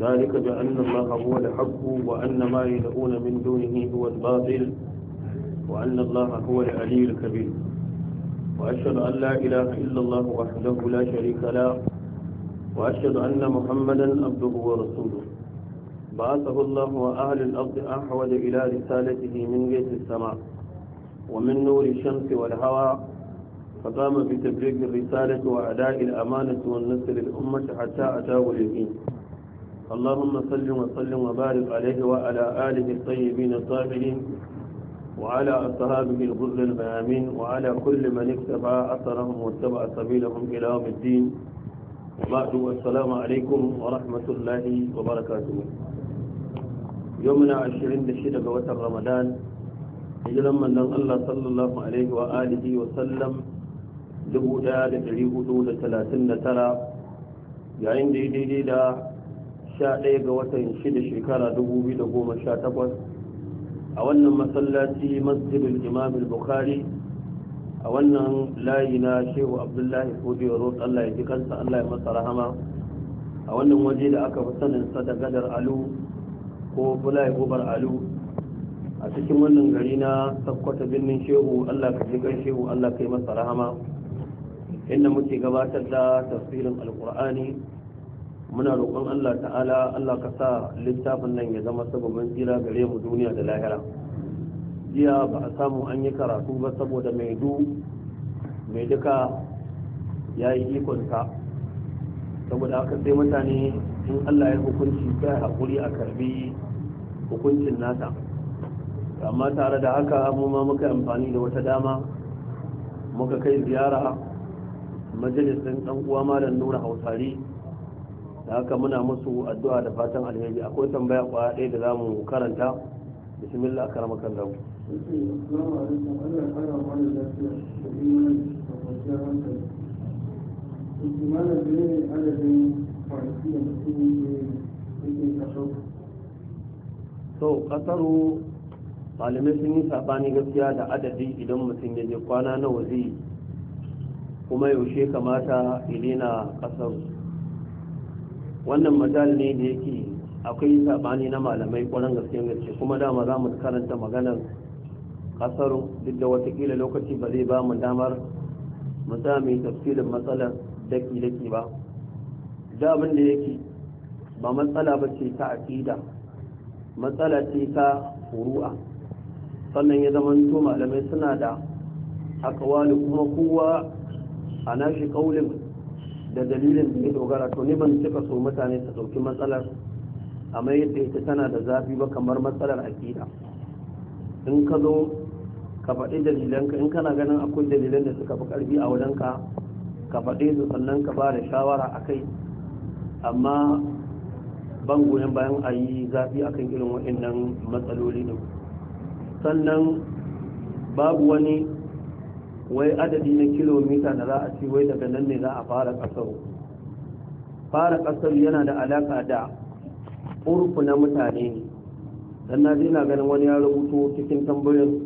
ذلك بأن الله هو الحق وأن ما يدعون من دونه هو الباطل وأن الله هو العلي الكبير وأشهد أن لا إله إلا الله وحده لا شريك له وأشهد أن محمدا عبده ورسوله بعثه الله وأهل الأرض أحود إلى رسالته من جيش السماء ومن نور الشمس والهوى فقام بتبليغ الرسالة وأداء الأمانة والنصر للأمة حتى أتاه اليقين اللهم صل وسلم وبارك عليه وعلى آله الطيبين الطاهرين وعلى أصحابه الغر الميامين وعلى كل من اكتفى أثرهم واتبع سبيلهم إلى يوم الدين وبعد والسلام عليكم ورحمة الله وبركاته يومنا عشرين دشيدة قوات رمضان إجلا من الله صلى الله عليه وآله وسلم لبودا لتريه دولة ثلاثين ترى يعني دي دي, دي, دي 11 ga watan 6 shekara 2018 a wannan masallaci masjidul imam al-bukhari a wannan layi na shehu abdullahi fodiyar road allah ya ji kansa allah ya masa rahama a wannan waje da aka fi saninsa da gadar alu ko fulai gobar alu a cikin wannan gari na sakwata birnin shehu allah ka ji kan shehu allah ka yi masa rahama inda muke gabatar da tafsirin alkur'ani muna roƙon Allah ta'ala Allah ka sa littafin nan ya zama sababin tsira gare mu duniya da lahira jiya ba a samu an yi karatu ba saboda mai du mai duka ya yi ikonsa saboda haka sai mutane in Allah ya hukunci ya haƙuri a karbi hukuncin nata. amma tare da haka mu ma muka amfani da wata dama muka kai ziyara majalisin ɗan uwa malam nura hausari da haka muna musu addu'a da fatan alheri akwai tambaya kwaya ɗaya da zamu karanta bismillah karama kan lau so kasaru malamai sun yi sabani gaskiya da adadi idan mutum ya je kwana nawa zai kuma yaushe kamata ilina kasaru wannan majal ne da yake akwai sabani na malamai ƙwarar gaske gaske kuma dama za mu karanta maganar ƙasar duk da watakila lokaci ba zai ba mu damar mu mu yi tafsirin matsalar daki-daki ba da abin da yake ba matsala ba ce ta aƙida matsala ce ta furu'a sannan ya zama to malamai suna da akawali kuma kowa a nashi ƙaulin da dalilin da ya dogara to ne ban cika so mutane su dauki matsalar amma yadda ita tana da zafi ba kamar matsalar aƙida in ka zo ka faɗi dalilanka in kana ganin akwai dalilan da suka fi ƙarfi a wajenka ka faɗi su sannan ka ba da shawara a kai amma ban goyon bayan a yi zafi a kan irin waɗannan matsaloli ɗin sannan babu wani wai adadi na kilomita da za a ce wai daga nan ne za a fara ƙasar fara ƙasar yana da alaƙa da urku na mutane ne dan na je ganin wani ya rubuto cikin tambayoyin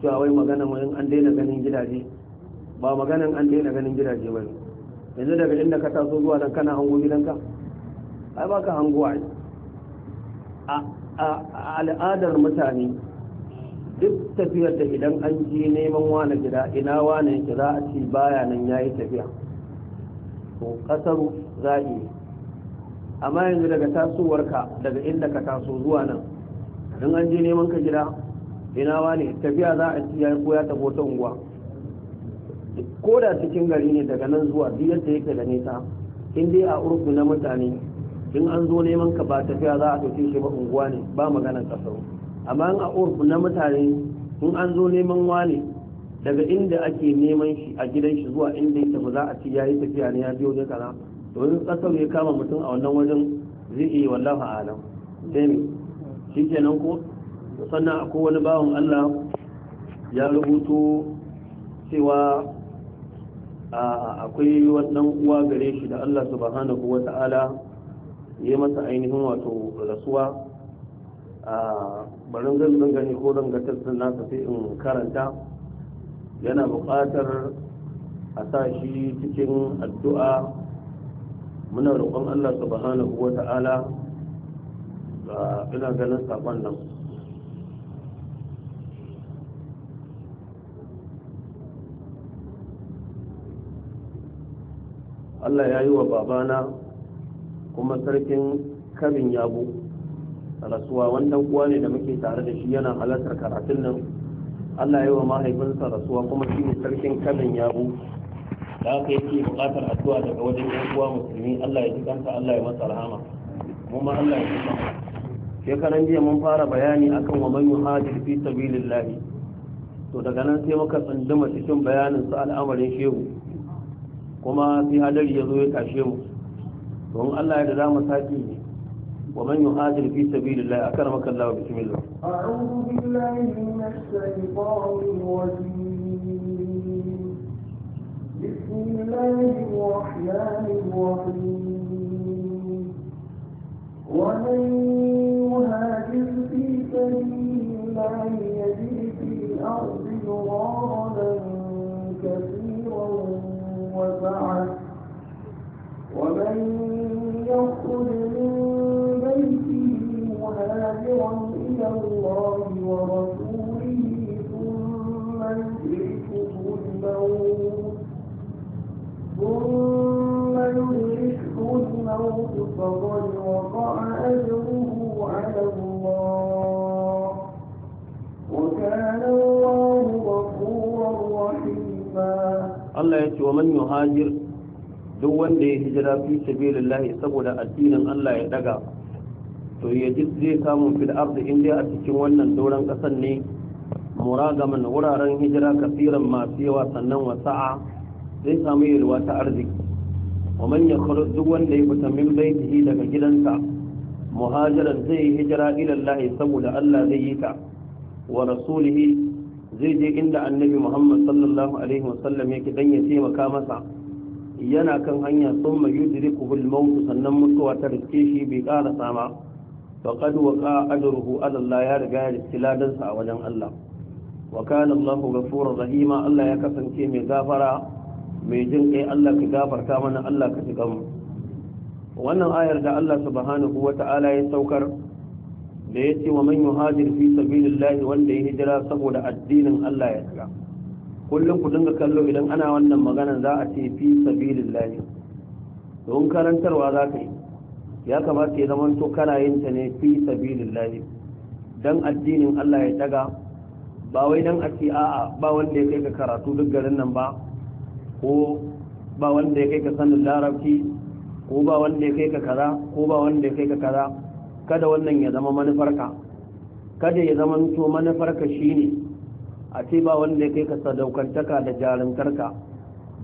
cewa wai magana wani an daina ganin gidaje ba maganin an daina ganin gidaje ba yanzu daga inda ka taso zuwa nan kana hango gidanka ai ba ka hango a al'adar mutane duk tafiyar da idan an je neman wane gida ina wane yake za a ci baya nan ya yi tafiya to kasar za a amma yanzu daga tasowarka daga inda ka taso zuwa nan don an je neman ka gida ina wane tafiya za a ci ya ko ya tabo ta unguwa ko da cikin gari ne daga nan zuwa duk yadda yake da nisa in dai a urku na mutane in an zo neman ka ba tafiya za a ɗauke shi ba unguwa ne ba maganar kasar. amma a urfu na mutane in an zo neman wane daga inda ake neman shi a gidan shi zuwa inda yake ba za a ci yayi tafiya ne ya biyo ne kana to in kasar ya kama mutum a wannan wajen zai iya wallafa alam sai ne shikenan ko sannan akwai wani bawan Allah ya rubuto cewa akwai wannan uwa gare shi da Allah subhanahu wata'ala ya masa ainihin wato rasuwa Ah, bari zan gani ko zan ga nasa sai in karanta yana buƙatar a sa shi cikin addu'a muna roƙon Allah subhanahu wa ta'ala ina ganin saƙon nan Allah ya yi wa babana kuma sarkin Kabin yabo rasuwa wannan uwa ne da muke tare da shi yana halartar karatun nan Allah yi wa mahaifinsa rasuwa kuma shi ne sarkin kanin yabo da aka yi bukatar addu'a daga wajen yan uwa musulmi Allah ya ji kanta Allah ya masa rahama mu ma Allah ya ji kanta shekaran jiya mun fara bayani akan wa man yuhajir fi sabilillahi to daga nan sai muka tsunduma cikin bayanin su al'amarin shehu kuma sai hadari ya zo ya tashe mu don Allah ya da za mu sake ومن يهاجر في سبيل الله أكرمك الله بسم الله أعوذ بالله من الشيطان الرجيم بسم الله الرحمن الرحيم ومن يهاجر في سبيل الله يجد في الأرض ضرارا كثيرا وسعة ومن يخرج من إلى الله ورسوله ثم يدركه الموت ثم يدركه الموت فقد وقع أجره على الله وكان الله غفورا رحيما الله يتوى من يهاجر duk wanda ya hijira fi sabilillahi saboda addinin Allah ya daga to ya ji zai samu fil da in dai a cikin wannan doron ƙasar ne muragaman wuraren hijira kasiran masu yawa sannan wasa'a zai samu yalwa ta arziki wa man yakhruj duk wanda ya fita min baitihi daga gidansa muhajiran zai yi hijira ila Allah saboda Allah zai yi ta wa rasulihi zai je inda annabi Muhammad sallallahu alaihi wasallam yake dan ya taimaka masa yana kan hanya sun mayudrikuhu al sannan mutuwa ta riske shi bai ƙara sama faqad waqa ajruhu Allah ya riga ya istiladan sa a wajen Allah wa kana Allah ghafurur rahima Allah ya kasance mai gafara mai jin kai Allah ka gafarta mana Allah ka tuka mu wannan ayar da Allah subhanahu wata'ala ya saukar da yace wa man yuhajir fi sabilillahi wanda ya hijira saboda addinin Allah ya tuka kullum ku dinga kallo idan ana wannan magana za a ce fi sabilillahi don karantarwa za ka yi ya kamata ya zamanto kana yin ta ne fi sabilillahi dan addinin Allah ya daga ba wai dan a ce a'a ba wanda ya kai ka karatu duk garin nan ba ko ba wanda ya kai ka sanin larabci ko ba wanda ya kai ka kaza ko ba wanda ya kai ka kaza kada wannan ya zama manufarka kada ya zama to manufarka shine a ce ba wanda ya kai ka sadaukantaka da jarumtarka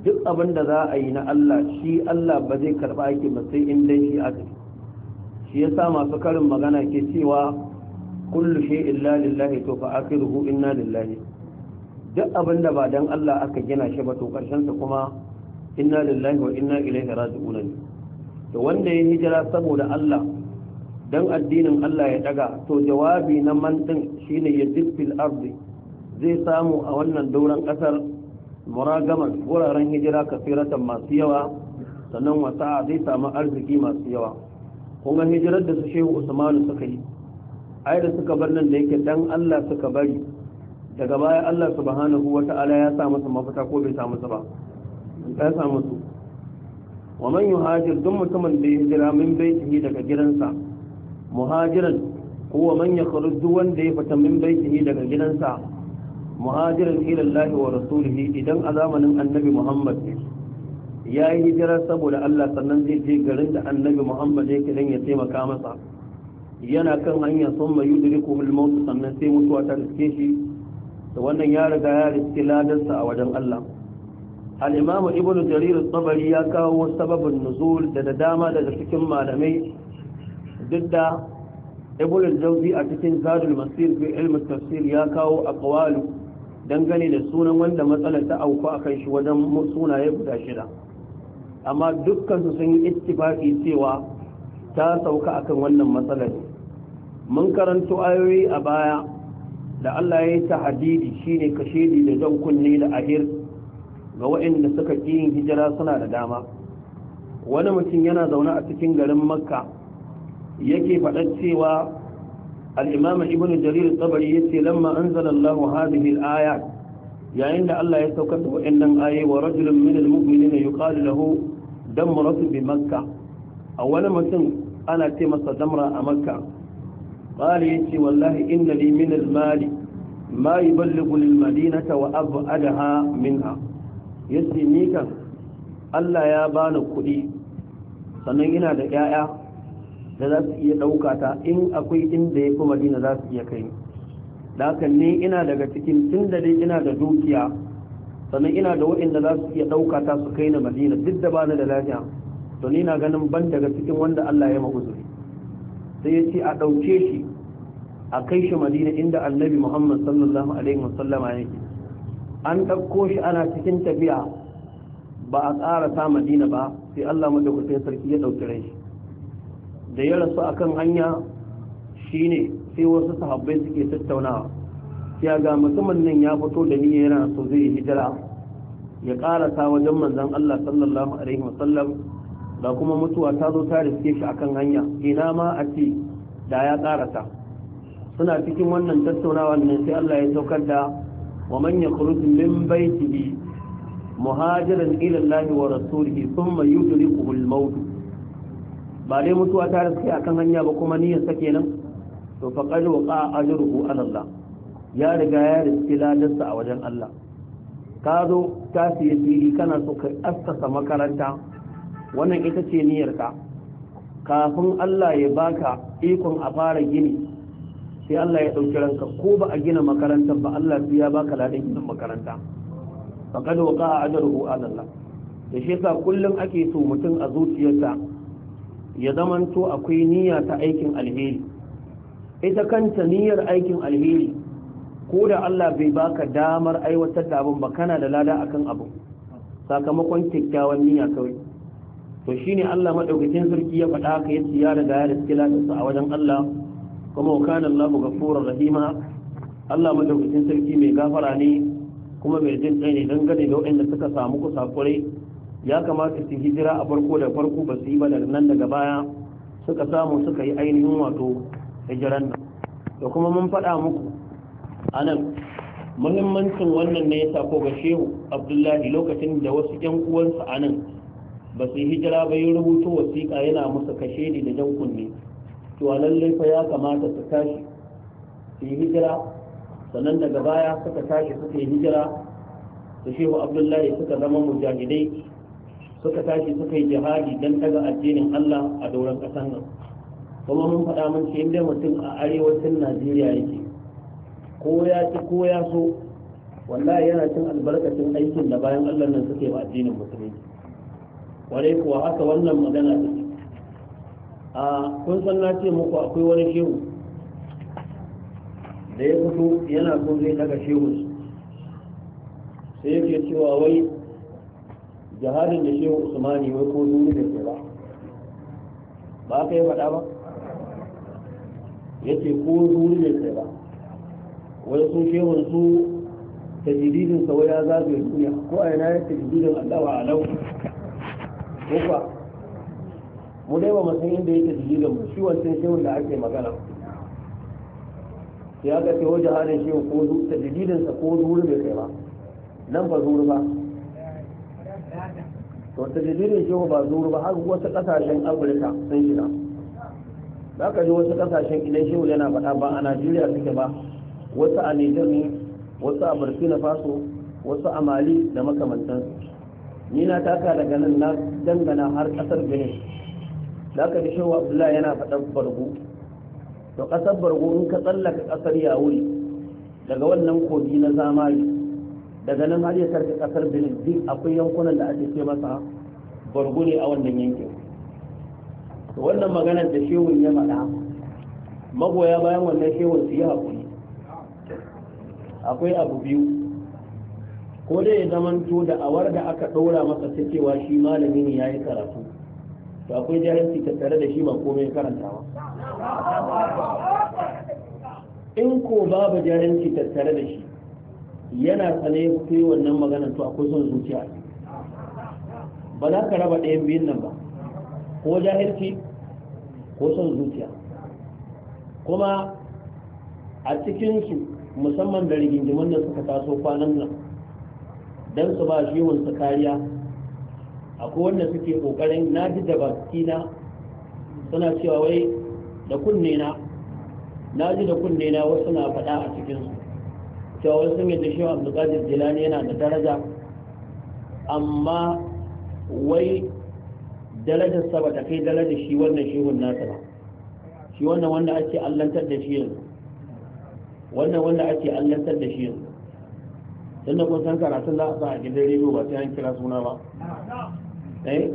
duk abin da za a yi na Allah shi Allah ba zai karba ake sai in dai shi aka shi sa masu karin magana ke cewa kullu shay'in la lillahi to fa akhiruhu inna lillahi duk abin da ba don Allah aka gina shi ba to karshen sa kuma inna lillahi wa inna ilaihi raji'un to wanda ya hijira saboda Allah don addinin Allah ya daga to jawabi na man din shine ya fil ardi zai samu a wannan dauran kasar muragaman wuraren hijira kasiratan masu yawa sannan wata zai samu arziki masu yawa Kuma hijirar da su shehu usmanu suka yi ai da suka bar nan da yake dan Allah suka bari daga baya Allah subhanahu wata'ala ya sa musu mafita ko bai sa musu ba ya sa musu wa man yuhajir mutumin da ya hijira min baitihi daga gidansa muhajiran huwa man yakhruj wanda ya fita min baitihi daga gidansa muhajiran ila Allah wa rasulihi idan a zamanin annabi Muhammad ya yi hijira saboda Allah sannan zai je garin da annabi Muhammad yake dan ya taimaka masa yana kan hanya sun mai yudriku al-maut sannan sai mutuwa ta riske shi da wannan ya riga ya riske ladarsa a wajen Allah al-imamu ibnu jarir tabari ya kawo sababin nuzul da dama daga cikin malamai duk da ibnu jawzi a cikin zadul masir fi ilm tafsir ya kawo aqwalu dangane da sunan wanda matsalar ta auku akan shi wajen sunaye guda shida amma dukkansu sun yi ittifaki cewa ta sauka akan wannan matsalar mun karanto ayoyi a baya da Allah ya yi shine kashedi da jan kunne da ahir ga waɗanda suka ƙi yin hijira suna da dama wani mutum yana zaune a cikin garin makka yake faɗar cewa al'imam ibn jarir tsabari ya ce lamma an zalallahu yayin da Allah ya saukar da waɗannan aye wa rajulun min al-mu'minina yuqalu lahu damratu bi makka a wani mutum ana ce masa damra a makka ya ce wallahi in li min al mali ma yuballighu lil madinata wa ab'adaha minha Ya ce nikan. Allah ya bani kuɗi sannan ina da 'ya'ya da za su iya ɗauka ta in akwai inda ya fi madina za su iya kai da ina daga cikin tun da dai ina da dukiya sannan ina da waɗanda za su iya ɗauka ta su kai na madina duk da bani da lafiya to ni na ganin ban daga cikin wanda Allah ya mahuzuri sai ya ce a ɗauke shi a kai shi madina inda annabi muhammad sallallahu alaihi wasallama yake an ɗauko shi ana cikin tafiya ba a ƙara ta madina ba sai Allah madaukakin sarki ya ɗauki rai da ya rasu akan hanya shine sai wasu sahabbai suke tattaunawa gaskiya ga mutumin nan ya fito da niyya yana so zai hijira ya karasa wajen manzon Allah sallallahu alaihi wasallam da kuma mutuwa ta zo ta riske shi akan hanya ina ma a ce da ya karasa suna cikin wannan tattaunawa ne sai Allah ya saukar da wa man yakhruj min baytihi muhajiran ila Allah wa rasulihi thumma yudrikuhu al-maut ba dai mutuwa ta riske akan hanya ba kuma niyyar sa nan to faqad waqa ajruhu ala Allah ya riga ya riski ladarsa a wajen Allah ka zo ka siya fili kana so ka askasa makaranta wannan ita ce niyyarka kafin Allah ya baka ikon a fara gini sai Allah ya ɗauki ranka ko ba a gina makarantar ba Allah sai ya baka ladan ginin makaranta faqad waqa'a ajruhu 'ala Allah da shi sa kullum ake so mutum a zuciyarsa ya zamanto akwai niyya ta aikin alheri ita kanta niyyar aikin alheri ko da Allah bai baka damar aiwatar da abin ba kana da lada akan abu sakamakon kyakkyawan niyya kawai to shine Allah madaukakin sarki ya faɗa ka yace ya riga ya riski su a wajen Allah kuma wa kana Allahu ghafurur rahima Allah madaukakin sarki mai gafara ne kuma mai jin ne dangane da waɗanda suka samu ku sakure ya kamata su hijira a farko da farko ba su yi ba daga nan daga baya suka samu suka yi ainihin wato hijiran nan da kuma mun faɗa muku anan muhimmancin wannan ne sa ko ga shehu abdullahi lokacin da wasu yan uwansa anan ba su hijira ba yi rubutu wasiƙa yana musu kashe ni da jan kunne to a lallai fa ya kamata su tashi su yi hijira sannan daga baya suka tashi suka yi hijira da shehu abdullahi suka zama mujahidai suka tashi suka yi jihadi don daga addinin Allah a doron ƙasar nan kuma mun faɗa mun ce inda mutum a arewacin Najeriya yake ko ya ci ko ya so wallahi yana cin albarkacin aikin da bayan Allah nan suke ba addinin musulunci ware kuwa haka wannan magana da a kun san na ce muku akwai wani shehu da ya fito yana so zai daga shehu sai yake cewa wai jihadin da shehu usmani wai ko duni da ke ba ba ka yi faɗa ba yace ko duni da ke ba wani sun shehun su tajididin sa waya zagaye duniya ko a yana yin tajididin allawa a lau ko ba mu dai ba mu san inda yake tajididin ba shi wancan shehun da ake magana ya ga ce wajen halin shehun ko zu tajididin sa ko zuru bai kai ba nan ba zuru ba to tajididin shehu ba zuru ba har wasu kasashen afirka sun shiga za ka ji wasu kasashen idan shehu yana faɗa ba a najeriya suke ba wasu a Nijar ne wasu a Burkina Faso wasu a Mali da makamantansu ni na taka daga nan na dangana har kasar Benin da aka fi wa Abdullahi yana faɗan bargo to kasar bargo in ka tsallaka kasar Yawuri daga wannan kogi na zamani daga nan har ya karka kasar Benin duk akwai yankunan da ake ce masa bargo ne a wannan yankin to wannan maganar da shehun ya faɗa magoya bayan wannan shehun su yi haƙuri akwai abu biyu ko dai ya zamanto da awar da aka ɗora masa ta cewa shi malami ne ya yi karatu to akwai jahilci tattare da shi ba komai karantawa in ko babu jahilci tattare da shi yana sane kai wannan magana to akwai son zuciya ba za ka raba ɗayan biyun nan ba ko jahilci ko son zuciya kuma a cikinsu musamman da rigingimin da suka taso kwanan nan don su ba shi su kariya akwai wanda suke kokarin na ji da bakina suna cewa wai da kunne na na ji da kunne na wasu na faɗa a cikinsu cewa wasu sun shewa da abdulkadir jilani yana da daraja amma wai darajarsa ba ta kai darajar shi wannan shehun nasa ba shi wannan wanda ake allantar da shi yanzu wannan wanda ake allantar da shi yanzu tun da kun san karatun za a sa a gidan rediyo ba sai an kira suna ba eh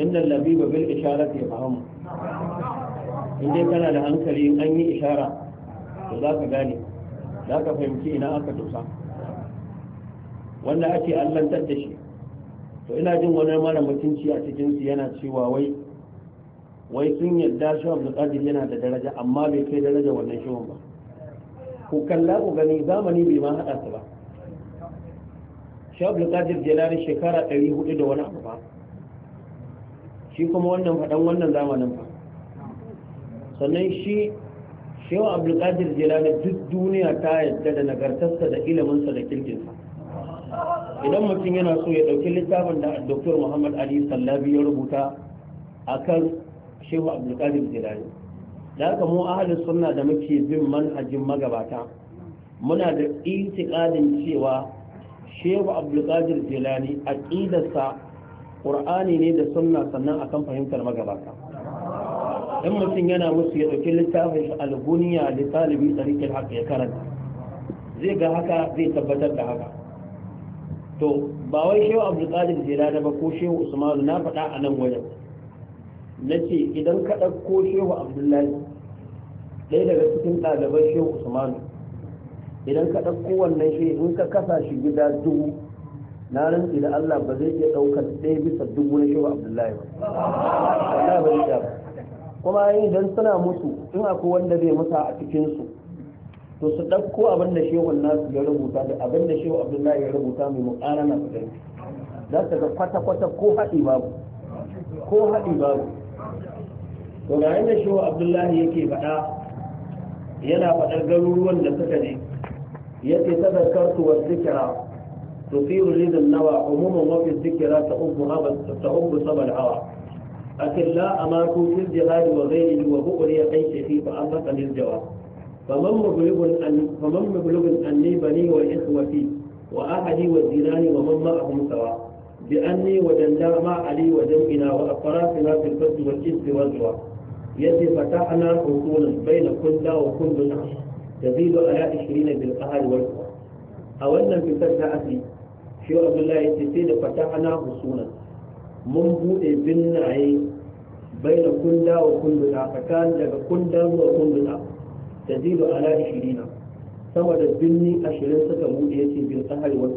inda labiba bil isharat ya fahimu in dai kana da hankali an yi ishara to za ka gane za ka fahimci ina aka dosa wanda ake allantar da shi to ina jin wani mara mutunci a cikinsu yana cewa wai wai sun yadda shi abdulkadir yana da daraja amma bai kai daraja wannan shiwon ba ku kalla ku gani zamani bai ma haɗa su ba abu lukadir jelani shekara 400 da wani abu ba shi kuma wannan faɗan wannan zamanin ba sannan shi abu abdulkadir jelani duk duniya ta yadda da nagartarsa da iliminsa da kirkinsa idan mutum yana so ya ɗauki littafin da dr muhammad ali sallabi ya rubuta a kan shewa abdulkadir jilani da haka mu ahalin sunna da muke bin manhajin magabata muna da itikadin cewa shehu abdulkadir jilani aqidarsa qur'ani ne da sunna sannan akan fahimtar magabata in mutum yana musu ya dauki littafin shi alguniya da talibi tsarikin haka ya karanta zai ga haka zai tabbatar da haka to ba wai shehu abdulkadir jilani ba ko shehu usmanu na faɗa a nan wajen na ce idan ka ɗauko shehu abdullahi ɗaya daga cikin ɗaliban shehu usmanu idan ka ɗauko wannan shehu in ka kasa shi gida dubu na rantsi da allah ba zai iya ɗaukar ɗaya bisa dubu na shehu abdullahi ba kuma idan suna mutu in akwai wanda zai musa a cikinsu to su ɗauko abin da shehu nasu ya rubuta da abin da shehu abdullahi ya rubuta mai muƙarana su ɗauki za su ga kwata-kwata ko haɗi babu ko haɗi babu to da yanda shi abdullahi yake fada yana fadar garuruwan da suka ne yake tazakartu wa zikira تثير لذا النوى عموما وفي الذكرى تؤب سبى الهوى أكن wa أماكو في الجهاد وغيره وبؤري قيش في فأمك للجواب فمن مبلغ أن فمن مبلغ أني بني وإخوتي وأهلي والجيران ومن معهم سوا بأني وجندا ما علي وجمعنا وأفراسنا في الفتح والجنس والجواب yace fatahna bai na kunda wa kullun tazidu ala 20 bil qahr wal a wannan fitar da asi shi Abdullahi ce sai da fatahna usulan mun bude binnaye na kunda wa kullun tsakan daga kulla zuwa kullun tazidu ala 20 sama da binni ashirin suka bude yace bil qahr wal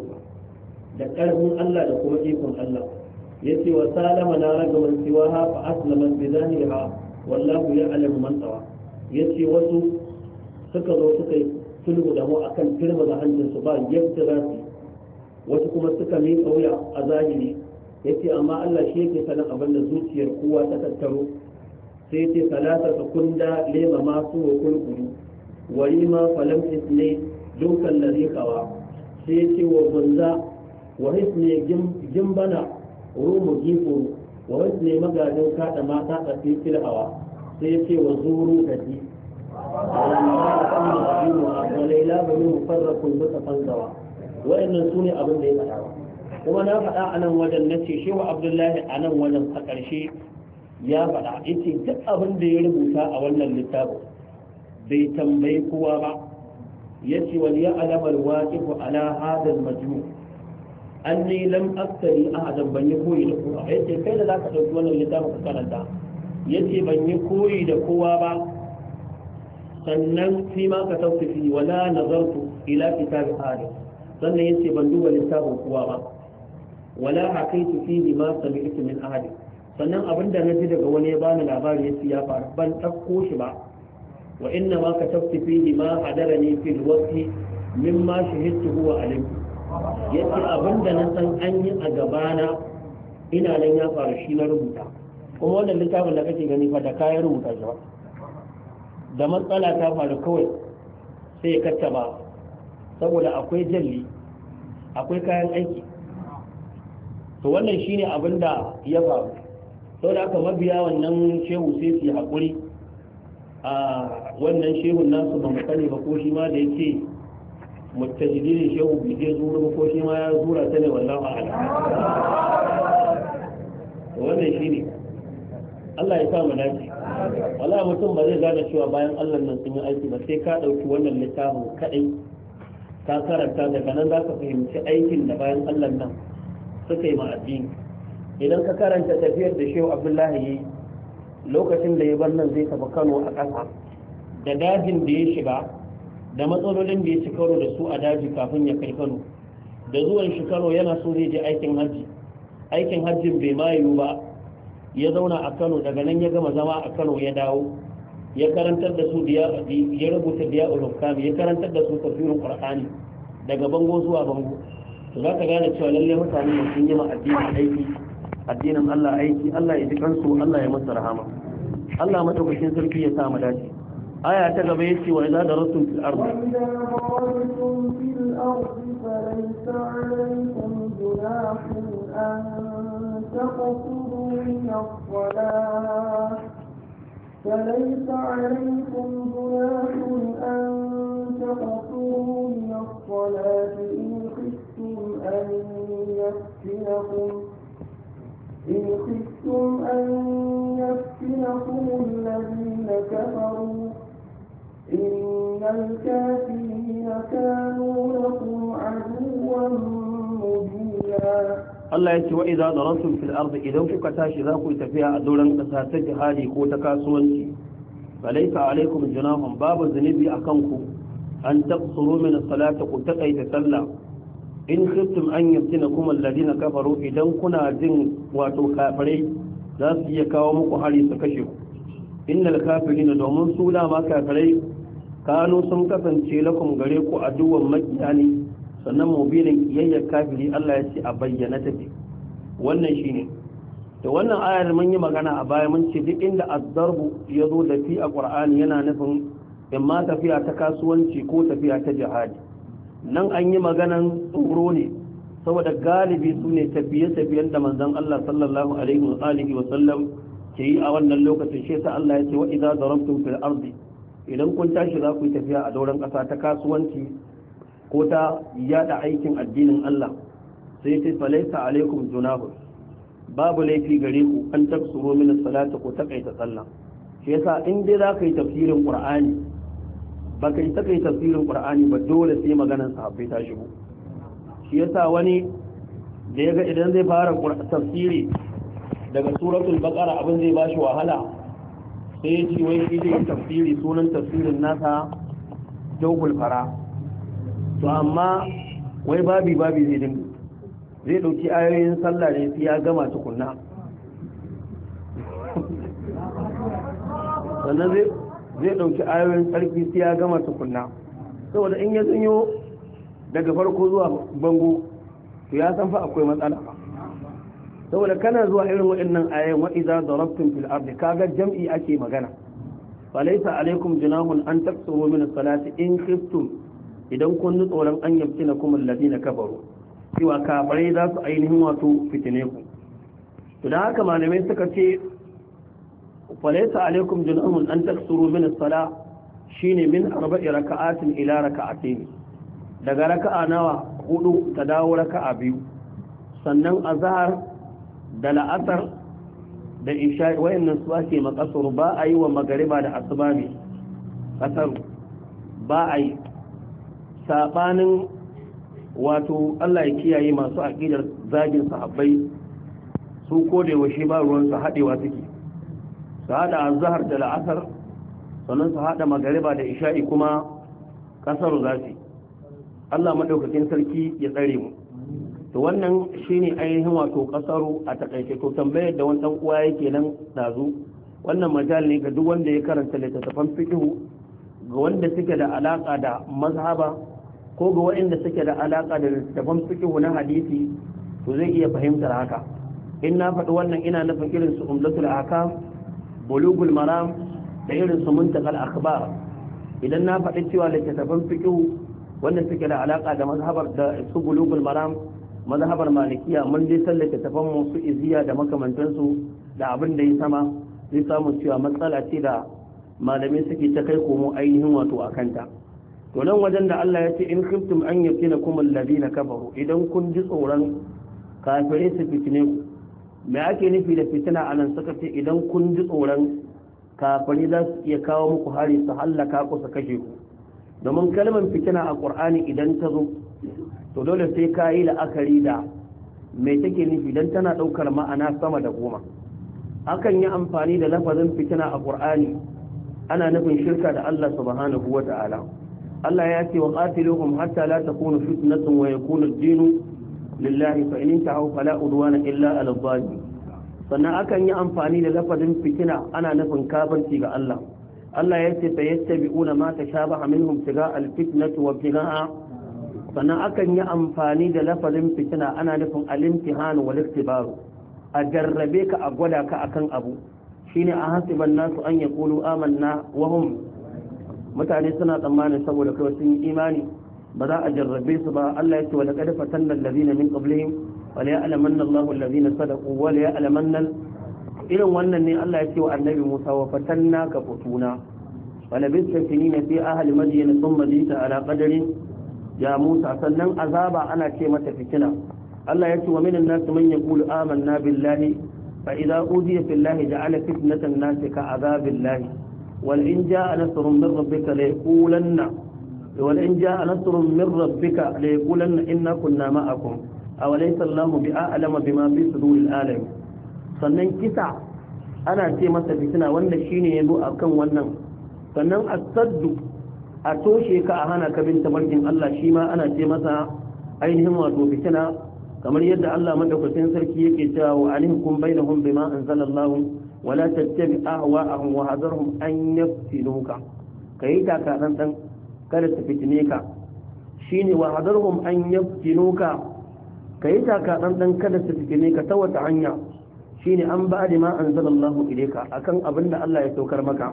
da karfin Allah da kuma ikon Allah Ya ce wa salama na ragaman siwaha fa aslama bi zaniha wallahu ya alamu man ya ce wasu suka zo suka yi sulhu da mu akan firma da hancinsu ba yadda za su wasu kuma suka mai sauya a zahiri ya ce amma Allah shi yake sanin abin da zuciyar kowa ta tattaro sai ce salata ta kunda lema masu wa kulkulu wari ma falam isne dukan da sai ce wa gunza wa isne gimbana rumu gifuru wa wasu ne magajin kada mata a fil hawa sai ya ce wa zuru da ji walaila ba min mufarrakun duka fanzawa wa'annan su ne abin da ya faɗa kuma na faɗa a nan wajen na ce shi wa abdullahi a nan wajen a ƙarshe ya faɗa ya ce duk abin da ya rubuta a wannan littafin bai tambayi kowa ba ya ce wani ya alamar waƙifu ala hadal majmu' anni lam a ahadan ban yi koyi da kowa ba yace kai da za ka ɗauki wannan littafin ka karanta ce ban yi koyi da kowa ba sannan fi ma ka tauki fi wala nazartu ila kitabi ahad sannan ya ce ban duba littafin kowa ba wala hakaitu fi ma sami'tu min ahad sannan abinda na ji daga wani ya bani labari yace ya faru ban ɗauko shi ba wa inna ma ka tauki fi ma hadara hadarani fil waqti mimma shahidtu huwa alimtu yace abin da na san an yi a gabana ina nan ya faru shi na rubuta kuma wannan littafin da kake gani fa da kayan rubuta shi da matsala ta faru kawai sai ya ba saboda akwai jalli akwai kayan aiki to wannan shine abin da ya faru sau da aka mabiya wannan shehu sai su yi haƙuri a wannan shehun nasu ba mu sani ba ko shi ma da yake mutajidin shehu bai je zuru ko shi ma ya zura ta ne wallahu a'lam wannan shine Allah ya sa mu wala mutum ba zai gane cewa bayan Allah nan sun yi aiki ba sai ka dauki wannan littafin kadai ka karanta daga nan za ka fahimci aikin da bayan Allah nan suka yi ma addini idan ka karanta tafiyar da Shehu Abdullahi yi lokacin da ya bar nan zai tafi Kano a ƙasa da dajin da ya shiga da matsalolin da ya ci karo da su a daji kafin ya kai kano da zuwan shi kano yana so zai je aikin hajji aikin hajjin bai mayu ba ya zauna a kano daga nan ya gama zama a kano ya dawo ya karantar da su ya rubuta biya ulukami ya karantar da su tafsirin qur'ani daga bango zuwa bango to za ka gane cewa lalle mutane ne sun yi ma addini aiki addinin Allah aiki Allah ya ji kansu Allah ya masa rahama Allah madaukakin sarki ya sa mu dace آية عتاك بيسي وإذا درستم في الأرض وإذا درستم في الأرض فليس عليكم جناح أن تقصروا من الصلاة فليس عليكم جناح أن تقصروا من الصلاة إن خفتم أن يفتنكم إن خفتم أن يفتنكم الذين كفروا إن الكافرين كانوا لكم عدوا مبينا Allah ya ce wa idza daratum fil ard idan kuka tashi za ku tafiya a doran kasa ta jihadi ko ta kasuwanci falaita alaikum junahum babu zunubi akan ku an taqsuru min salati ku taqaita sallah in khiftum an yaftinakum alladhina kafaru idan kuna jin wato kafirai za su iya kawo muku hari su kashe ku innal kafirina domin su da ma kafirai kanu sun kasance lakum gare ku a aduwan makiyani sannan mubinin kiyayyar kafiri Allah ya ce a bayyana take wannan shine da wannan ayar mun yi magana a baya mun ce duk inda azzarbu ya zo da fi a qur'ani yana nufin in ma tafiya ta kasuwanci ko tafiya ta jihadi nan an yi maganan tsoro ne saboda galibi su ne tafiye-tafiyen da manzon Allah sallallahu alaihi wa sallam ke yi a wannan lokacin shi yasa Allah ya ce wa idza darabtum fil ardi idan kun tashi za ku yi tafiya a dauran ƙasa ta kasuwanci ko ta yada aikin addinin Allah sai ce falaisa alaikum junahu babu laifi gare ku an tafsiro min salata ko takaita sallah shi yasa in dai za ka yi tafsirin qur'ani ba ka yi takaita tafsirin qur'ani ba dole sai maganar sahabbai ta shigo shi yasa wani da ya ga idan zai fara tafsiri daga suratul baqara abin zai bashi wahala da ya ce wai shi yi tafsiri sunan tafsirin nasa jawhul fara to amma wai babi babi zai dinga zai dauki ayoyin sallah ne sai ya gama tukunna sannan zai dauki ayoyin tsarki sai ya gama tukunna saboda in ya tsinyo daga farko zuwa bango to ya san fa akwai matsala saboda kana zuwa irin waɗannan ayoyin wa idza darabtum fil ardi kaga jam'i ake magana falaysa alaikum junahun an taqsuru min salati in khiftum idan kun ji tsoron an yabtina kuma alladina kafaru cewa kafirai za su ainihin wato fitine ku to dan haka malamai suka ce falaysa alaikum junahun an taqsuru min salah shine min arba'i raka'atin ila raka'atin daga raka'a nawa hudu ta dawo raka'a biyu sannan azhar da la'asar da isha'i wayannan su ake makasar ba a yi wa magariba da asuba ne kasar ba a yi saɓanin wato Allah ya kiyaye masu aƙidar zagin sahabbai su koda yaushe ba ruwansu haɗewa suke su haɗa azahar da la'asar sannan su haɗa magariba da isha'i kuma kasar za su Allah maɗaukakin sarki ya tsare mu to wannan shine ainihin wato kasaru a takaice to tambayar da wani uwa yake nan dazu wannan majal ne ga duk wanda ya karanta littattafan fiqhu ga wanda suke da alaka da mazhaba ko ga waɗanda suke da alaka da littattafan fiqhu na hadisi to zai iya fahimtar haka in na faɗi wannan ina nufin irin su umdatul ahkam bulugul maram da irin su muntakal akhbar idan na faɗi cewa littattafan fiqhu wanda suke da alaka da mazhabar da su bulugul maram mazhabar malikiya mun dai sallake tafan iziya da makamantansu da abin da ya sama zai samu cewa matsala ce da malamai suke ta kai komo ainihin wato a kanta to nan wajen da Allah ya ce in khiftum an yaftinakum alladhina kafaru idan kun ji tsoron kafirai su fitine ku me ake nufi da fitina a nan suka ce idan kun ji tsoron kafari za su iya kawo muku hari su hallaka ku su kashe ku domin kalmar fitina a qur'ani idan ta zo to dole sai ka yi la'akari da mai take nufi don tana ɗaukar ma'ana sama da goma akan yi amfani da lafazin fitina a ƙur'ani ana nufin shirka da Allah subhanahu wa ta'ala Allah ya ce wa qatiluhum hatta la takunu fitnatun wa yakunu ad-dinu lillahi fa in intahu fala udwana illa ala zalimin sannan akan yi amfani da lafazin fitina ana nufin kafirci ga Allah Allah ya ce fa yattabi'una ma tashabaha minhum tiga al-fitnatu wa tigaa sannan akan yi amfani da lafarin fitina ana nufin alimti hannu alimtihan wal baro. a jarrabe ka a gwada ka akan abu Shi ne a hasiban nasu an kulu amanna wa hum mutane suna tsammanin saboda kawai sun yi imani ba za a jarrabe su ba Allah ya ce wala qad fatanna allazina min qablihim wala ya'lamanna Allahu allazina sadaqu wala ya'lamanna irin wannan ne Allah ya ce wa annabi Musa wa fatanna ka futuna wala bisafinina fi ahli madyan thumma jita ala qadarin ya Musa sannan azaba ana ce mata fitina Allah ya ce wa minan nasu man yaqulu amanna billahi fa idza udiya fillahi ja'ala fitnatan nasi ka azabillahi wal in ja'a nasrun min rabbika la yaqulanna wal in ja'a nasrun min rabbika la yaqulanna inna kunna ma'akum aw laysa Allahu bi'alama bima fi suduril alamin sannan kisa ana ce masa fitina wanda shine yazo akan wannan sannan asaddu a toshe ka a hana ka bin tabarkin Allah shi ma ana ce masa ainihin wato fitina kamar yadda Allah madaukakin sarki yake cewa wa alaikum bainahum bima anzalallahu wala tattabi ahwa'ahum wa hadarhum an yaftinuka kai ta ka dan dan kada ta fitine ka shine wa hadarhum an yaftinuka kai ta ka dan dan kada ta fitine ka ta wata hanya shine an ba da ma anzalallahu ilayka akan abinda Allah ya saukar maka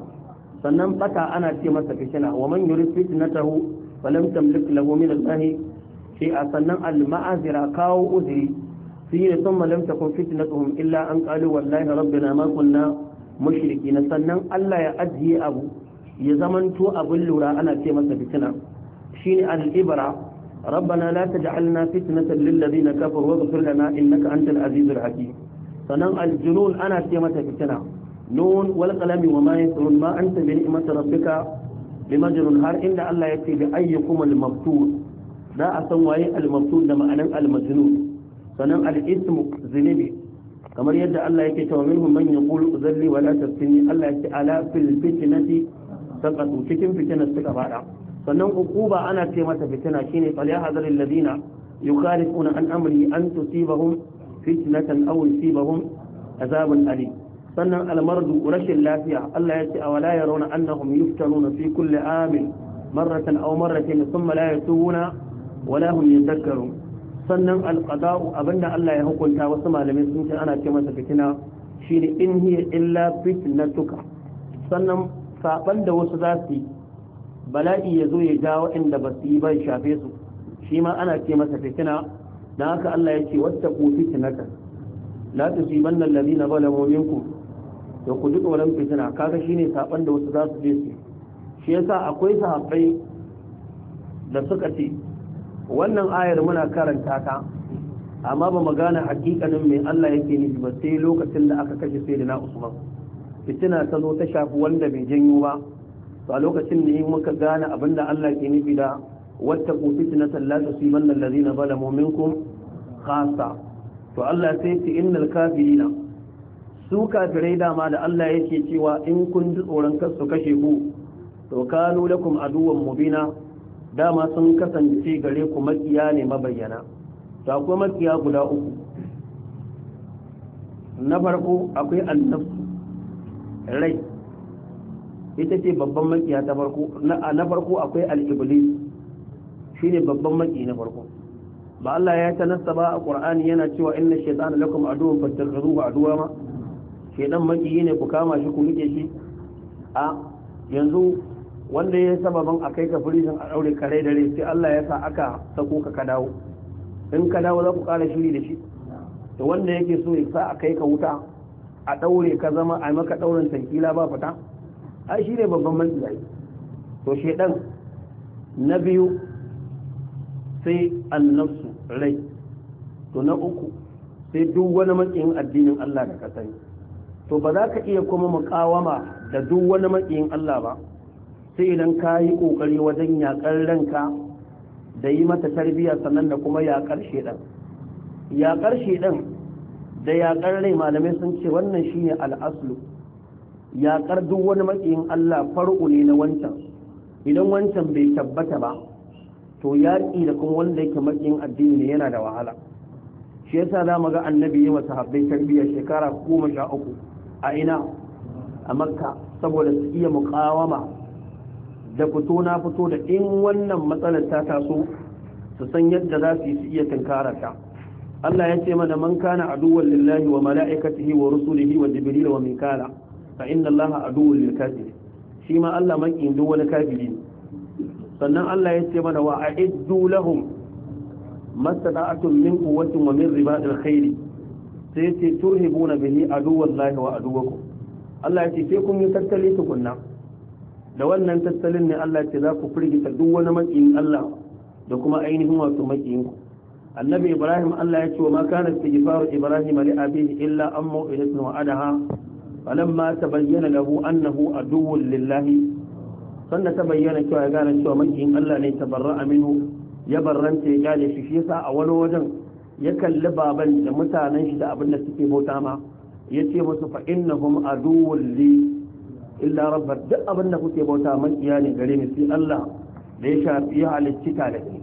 sannan bata ana ce masa fitina wa man yurid fitnatahu falam tamlik lahu min Allah shi a sannan al ma'azira kawo uzuri shi ne sun malam takun fitnatuhum illa an qalu wallahi rabbina ma kunna mushrikin sannan Allah ya ajiye abu ya zamanto abin lura ana ce masa fitina shine al ibra ربنا لا تجعلنا فتنة للذين كفروا واغفر لنا إنك أنت العزيز الحكيم sannan aljunun ana ce masa fitina nun walƙalami wa ma yasrun ma an bi ni'mati rabbika bimajnun har inda Allah ya ce da ayyukum al maftun da a san waye al maftun da ma'anan al majnun sanan al ismu zunubi kamar yadda Allah yake cewa minhum man yaqulu uzalli wa la taftini Allah ya ce ala fil fitnati saqatu cikin fitnar suka fada sannan uquba ana ce mata fitna shine fal yahzar alladhina yukhalifuna an amri an tusibahum fitnatan aw yusibahum azabun alim sannan almardu rashin lafiya Allah ya ce a wala yarawna annahum yuftanuna fi kulli amin marratan aw marratayn thumma la yatubuna wala hum yadhakkarun sannan alqada'u abinda Allah ya hukunta wasu malamai sun ce ana ce masa fitina ne in hiya illa fitnatuka sannan saban da wasu za su bala'i ya zo ya ja waɗanda ba su yi ba shafe su shi ma ana ce masa fitina da haka Allah ya ce wata ku fitinaka la tusibanna alladhina zalamu minkum da ku ji tsoron fitina kaga shine saban da wasu za su je su shi yasa akwai sahabbai da suka ce wannan ayar muna karanta ta amma ba magana hakikanin mai Allah yake nufi ba sai lokacin da aka kashe sai na Usman fitina ta zo ta shafi wanda bai janyo ba to a lokacin ne muka gane abin da Allah ke nufi da wattaqu fitnatan la tusibanna allazina zalamu minkum khassa to Allah sai ce innal kafirina su kafirai dama da Allah yake cewa in kun ji tsoron kasu kashe ku to kanu lakum aduwwan mubina dama sun kasance gare ku makiya ne mabayyana to akwai makiya guda uku na farko akwai annabtu rai ita ce babban makiya ta farko na farko akwai al-iblis shine babban maki na farko ba Allah ya tanasta ba a Qur'ani yana cewa inna shaytana lakum aduwwan fattakhidhuhu aduwwa dan makiyi ne ku kama shi ku rike shi a yanzu wanda ya sababan a kai ka firijin a daure kare dare sai Allah ya sa aka sako ka ka dawo in ka dawo za ku kara shiri da shi to wanda yake so ya sa a kai ka wuta a daure ka zama a maka daurin tankila ba fita ai shi ne babban mantsiyayi to shedan na biyu sai annafsu rai to na uku sai duk wani matsayin addinin Allah da ka sani to ba za ka iya kuma muƙawama da duk wani maƙiyin Allah ba sai idan ka yi ƙoƙari wajen yaƙar ranka da yi mata tarbiyya sannan da kuma yaƙar shedan yaƙar shedan da yaƙar rai malamai sun ce wannan shi ne al'aslu yaƙar duk wani maƙiyin Allah far'u ne na wancan idan wancan bai tabbata ba to yaƙi da kuma wanda yake maƙiyin addini ne yana da wahala shi yasa za mu ga annabi yi wa sahabbai tarbiyya shekara goma sha uku a ina a makka saboda su iya mukawama da fito na fito da in wannan matsalar ta taso su san yadda za su yi su iya tunkararta ta Allah ya ce mana man kana aduwwan lillahi wa mala'ikatihi wa rusulihi wa jibril wa mikala fa inna Allah aduwwun lil kafir shi ma Allah makin duk wani kafiri sannan Allah ya ce mana wa a'iddu lahum mastata'atun min quwwatin wa min ribadil khairi sai ce turhibuna bihi aduwallahi wa aduwakum Allah ya ce sai kun yi tattali tukunna da wannan tattalin ne Allah ce za ku firgita duk wani makiyin Allah da kuma ainihin wato makiyin ku annabi Ibrahim Allah ya ce wa ma kana istighfaru Ibrahim li abihi illa an mau'idatun wa'adaha falamma tabayyana lahu annahu aduwwun lillahi sannan bayyana cewa ya gane cewa makiyin Allah ne tabarra'a minhu ya barranta ya kyale shi shi yasa a wani wajen ya kalli baban da mutanen shi da abin da suke bauta ma ya ce musu fa innahum aduwwun li illa rabbar duk abin da kuke bauta man ne gare ni sai Allah da ya shafi ya halicci ta da ni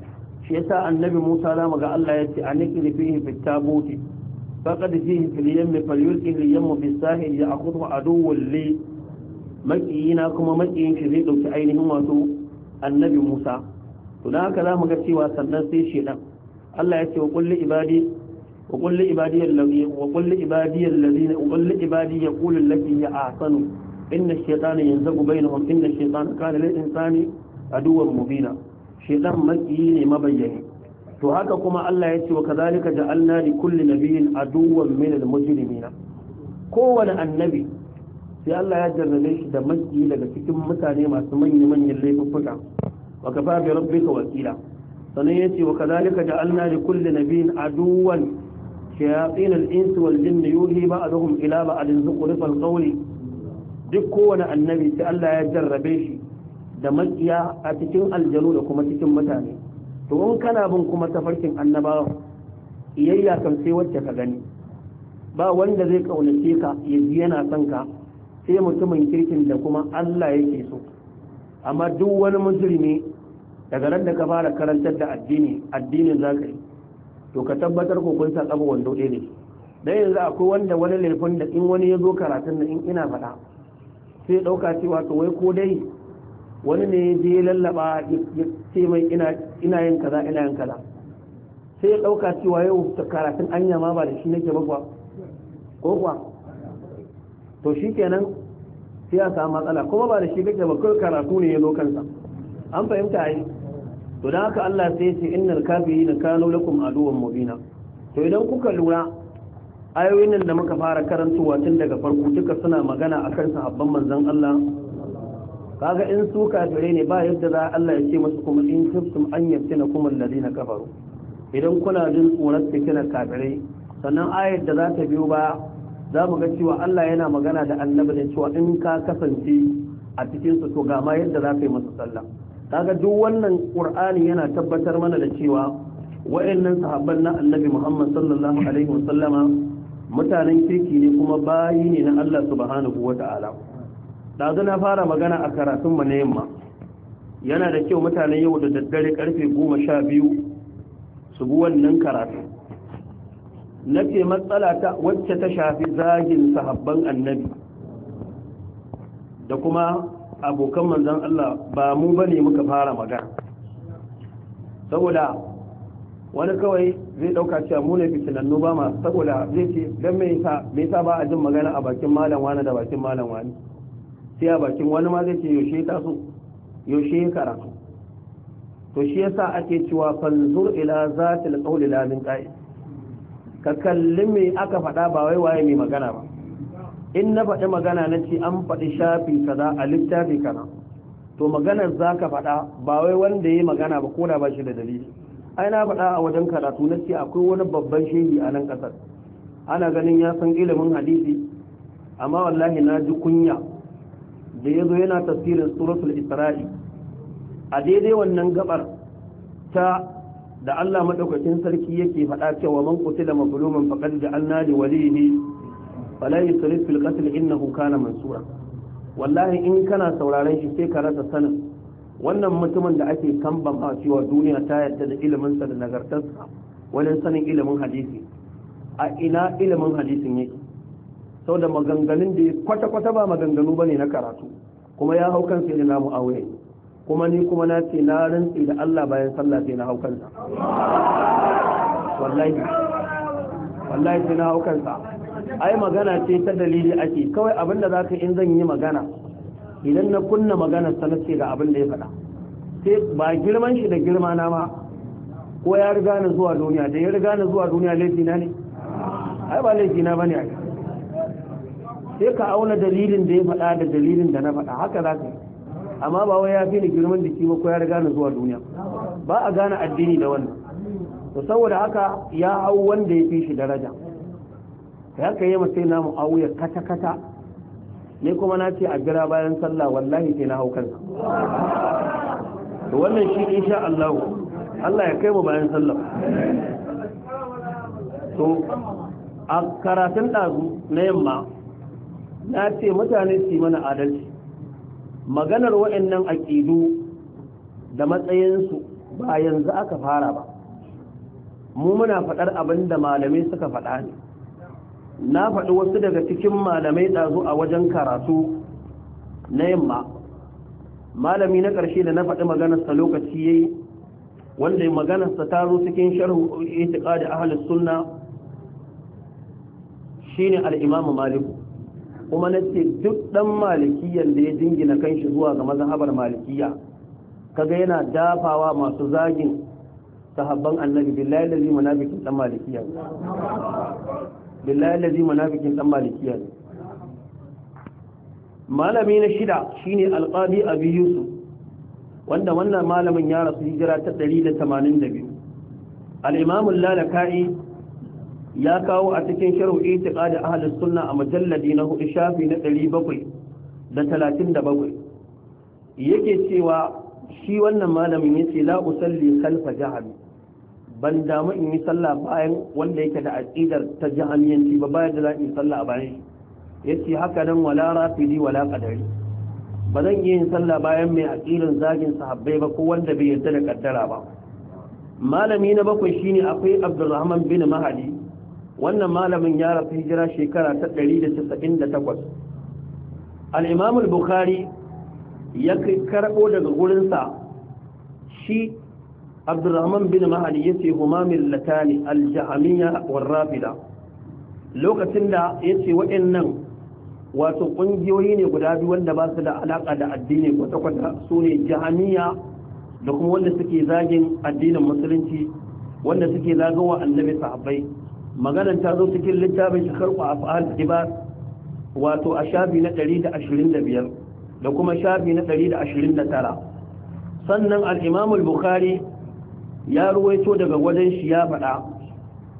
shi yasa annabi Musa da maga Allah ya ce anikri fihi fit tabuti faqad fihi fil yammi falyulqi al yammu bis sahil ya'khudhu aduwwun li makiyina kuma makiyin shi zai dauki ainihin wato annabi Musa to dan haka zamu ga cewa sannan sai shedan Allah ya ce wa kulli ibadi wa kulli ibadi allazi wa kulli ibadi allazi wa kulli ibadi yaqulu allati hiya inna shaytana yanzagu bainahum inna shaytana kana lil insani aduwwan mubina shedan makiyi ne mabayyani to haka kuma Allah ya ce wa kazalika ja'alna li kulli nabiyyin aduwwan min al-mujrimina kowane annabi sai Allah ya jarrabe shi da maki daga cikin mutane masu manya-manyan laifuffuka wa kafa bi rabbika wakila sanan yace wa kadhalika ja'alna li kulli nabiyyin aduwan shayatin al-ins wal jinn yuhi ba'dhum ila ba'din zuqrif al-qawli duk kowane annabi ta Allah ya jarrabe shi da makiya a cikin aljanu da kuma cikin mutane to in kana bin kuma tafarkin annabawa iyayya kan sai wacce ka gani ba wanda zai kaunace ka ya yana son ka sai mutumin kirkin da kuma Allah yake so amma duk wani musulmi. daga nan da ka fara karantar da addini addinin za ka yi to ka tabbatar ko kun sa abu wando ɗaya ne dan yanzu akwai wanda wani laifin da in wani ya zo karatun da in ina faɗa sai ɗauka cewa to wai ko dai wani ne ya je ya lallaba ya ce mai ina yin kaza ina yin kaza sai ya ɗauka cewa yau karatun anya ma ba da shi nake ba ko kuwa to shi kenan sai ya samu matsala kuma ba da shi kake ba kawai karatu ne ya zo kansa an fahimta ai to da haka Allah sai ya ce innal kafirina kanu lakum aduwwan mubina to idan kuka lura ayoyin nan da muka fara karantowa tun daga farko duka suna magana akan sahabban manzon Allah kaga in su kafire ne ba yadda za Allah ya ce musu kuma in kuntum an yaftina kuma alladhina kafaru idan kuna jin tsoron kina kafirai sannan ayar da za ta biyo ba za mu ga cewa Allah yana magana da annabi da cewa in ka kasance a cikin su to ga ma yadda za ka yi masu sallah kaga duk wannan qur'ani yana tabbatar mana da cewa wayannan sahabban na annabi Muhammad sallallahu alaihi wasallama mutanen kirki ne kuma bayi ne na Allah subhanahu wata'ala dazu na fara magana a karatun mu na yamma yana da kyau mutanen yau da daddare karfe 12 su bi wannan karatu nake matsala ta wacce ta shafi zagin sahabban annabi da kuma abokan manzan Allah ba mu ba ne muka fara magana saboda wani kawai zai ɗauka cewa mu ne fitinannu ba ma saboda zai ce don me yasa ba a jin magana a bakin malam wani da bakin malam wani sai a bakin wani ma zai ce yaushe ta so yaushe ya karatu to shi yasa ake cewa fanzur ila zatil qawli la min qa'id ka kalli me aka faɗa ba wai waye mai magana ba in na faɗi magana na ce an faɗi shafi kaza a littafi kana to maganar za ka faɗa ba wai wanda ya yi magana ba ko da ba shi da dalili ai na faɗa a wajen karatu na ce akwai wani babban shehi a nan ƙasar ana ganin ya san ilimin hadisi amma wallahi na ji kunya da ya zo yana tafsirin suratul isra'i a daidai wannan gabar ta da Allah maɗaukacin sarki yake faɗa cewa man da faɗar mazluman da ja'alna wali ne. fala yusrif fil qatl innahu kana mansura wallahi in kana sauraren shi sai ka rasa sanin wannan mutumin da ake kamban a cewa duniya ta yadda da ilimin da nagartarsa wajen sanin ilimin hadisi a ina ilimin hadisin yake sau da maganganun da ya kwata-kwata ba maganganu ba ne na karatu kuma ya hau kansa da namu aure kuma ni kuma na ce na rantsi da Allah bayan sallah sai na hau kansa wallahi wallahi sai na hau kansa ai magana ce ta dalili ake kawai abin za ka in zan yi magana idan na kunna magana sana ce ga abin da ya faɗa sai ba girman shi da girma na ma ko ya riga na zuwa duniya da ya riga na zuwa duniya laifi na ne ai ba laifi ba ne ai sai ka auna dalilin da ya faɗa da dalilin da na faɗa haka za ka yi amma ba wai ya fi ni girman shi ba ko ya riga na zuwa duniya ba a gane addini da wannan to saboda haka ya hau wanda ya fi shi daraja ya ka yi masai na mu'awuyar kata-kata ne kuma na ce a jira bayan sallah wallahi ke na haukar da wannan shi insha Allah Allah ya kai mu bayan sallah to a karatun ɗazu na yamma na ce mutane su mana adalci maganar waɗannan aƙidu da matsayinsu ba yanzu aka fara ba mu muna faɗar abin da malamai suka faɗa ne na faɗi wasu daga cikin malamai ɗazu a wajen karatu na yamma malami na ƙarshe da na faɗi maganarsa lokaci ya yi wanda maganarsa ta zo cikin sharhu itika da ahalus sunna shine al'imamu maliku kuma na ce duk ɗan malikiyan da ya jingina shi zuwa ga mazhabar malikiya kaga yana dafawa masu zagin sahabban annabi billahi lalzi munafikin ɗan malikiya billahi lazi munafikin dan malikiya ne malami na shida shine alqabi abi yusuf wanda wannan malamin ya rasu hijira ta 182 al-imam al-lalakai ya kawo a cikin sharh itiqad ahli sunna a mujalladi na hudu shafi na 700 da 37 yake cewa shi wannan malamin yace la usalli khalfa jahabi ban damu in yi sallah bayan wanda yake da aqidar ta jahamiyanci ba bayan da za in sallah a bayan yace haka nan wala rafidi wala qadari ba zan yi yin sallah bayan mai aqidar zagin sahabbai ba ko wanda bai yarda da kaddara ba malami na bakwai shine akwai Abdulrahman bin Mahdi wannan malamin ya rafi hijira shekara ta 198 al-Imam al-Bukhari ya karbo daga sa shi abdurrahman bin ma'ali yace huma millatani al-jahmiyya war-rafida lokacin da yace waɗannan wato kungiyoyi ne guda biyu wanda ba su da alaka da addini kwata-kwata su ne da kuma wanda suke zagin addinin musulunci wanda suke wa annabi sahabbai maganar ta zo cikin littafin shakar ku afal ibas wato a shafi na 125 da kuma shafi na 129 sannan al imamul bukhari ya ruwaito daga wajen shi ya faɗa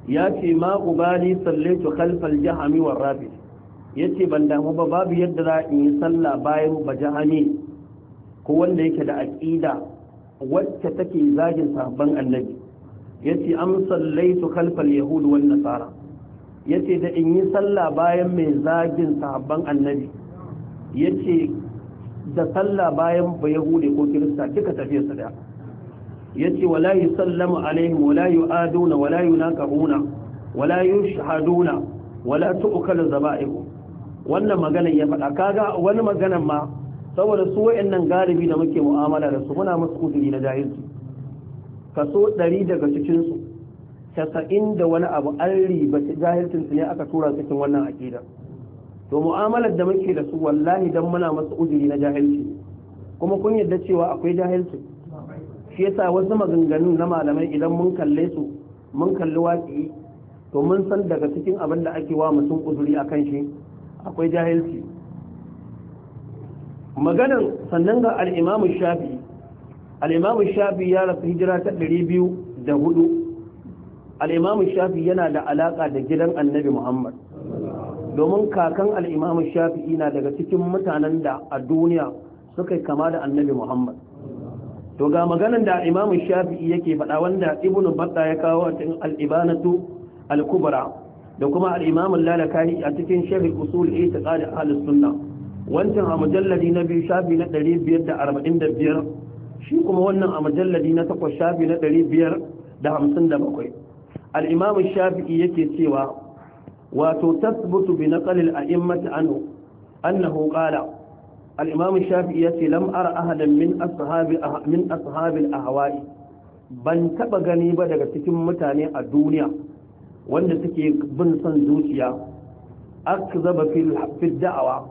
ya ce ma ubali sallaitu khalfal jahami war Ya yace ban damu ba babu yadda za in yi sallah bayan jahami ko wanda yake da aqida wacce take zagin sahabban annabi yace am sallaitu khalfal yahud wan nasara yace da in yi sallah bayan mai zagin sahabban annabi yace da sallah bayan ba yahudi ko kirista kika tafiya su da yace wala yusallamu alaihim wala yu'aduna wala yunakahuna wala yushhaduna wala tu'kalu zaba'ihum wannan maganar ya faɗa kaga wani maganar ma saboda su wayannan galibi da muke mu'amala da su muna musu kudi na jahilci kaso 100 daga cikin su 90 da wani abu an riba jahilcin su ne aka tura cikin wannan akida to mu'amalar da muke da su wallahi dan muna musu kudi na jahilci kuma kun yadda cewa akwai jahilci shi yasa wasu maganganu na malamai idan mun kalle su mun kalli waƙi to mun san daga cikin abin da ake wa mutum uzuri a kan shi akwai jahilci maganan sannan ga al'imamu shafi al'imamu shafi ya rasu hijira ta ɗari biyu da hudu al'imamu shafi yana da alaƙa da gidan annabi muhammad domin kakan al'imamu shafi na daga cikin mutanen da a duniya suka kama da annabi muhammad to ga maganan da imamu shafi'i yake faɗa wanda ibnu batta ya kawo a cikin al'ibanatu ibanatu al-kubra da kuma al-imamu a cikin sharh usul i'tiqad al-sunna wancan a mujalladi na biyu shafi na 545 shi kuma wannan a mujalladi na takwas shafi na 557 al-imamu shafi'i yake cewa wato tasbutu bi naqal al-a'immati anhu annahu qala al shafi' shafi'i yace lam'ar ara ahadan min ashabi min ban taba gani ba daga cikin mutane a duniya wanda suke bin son zuciya akzaba fil fil da'awa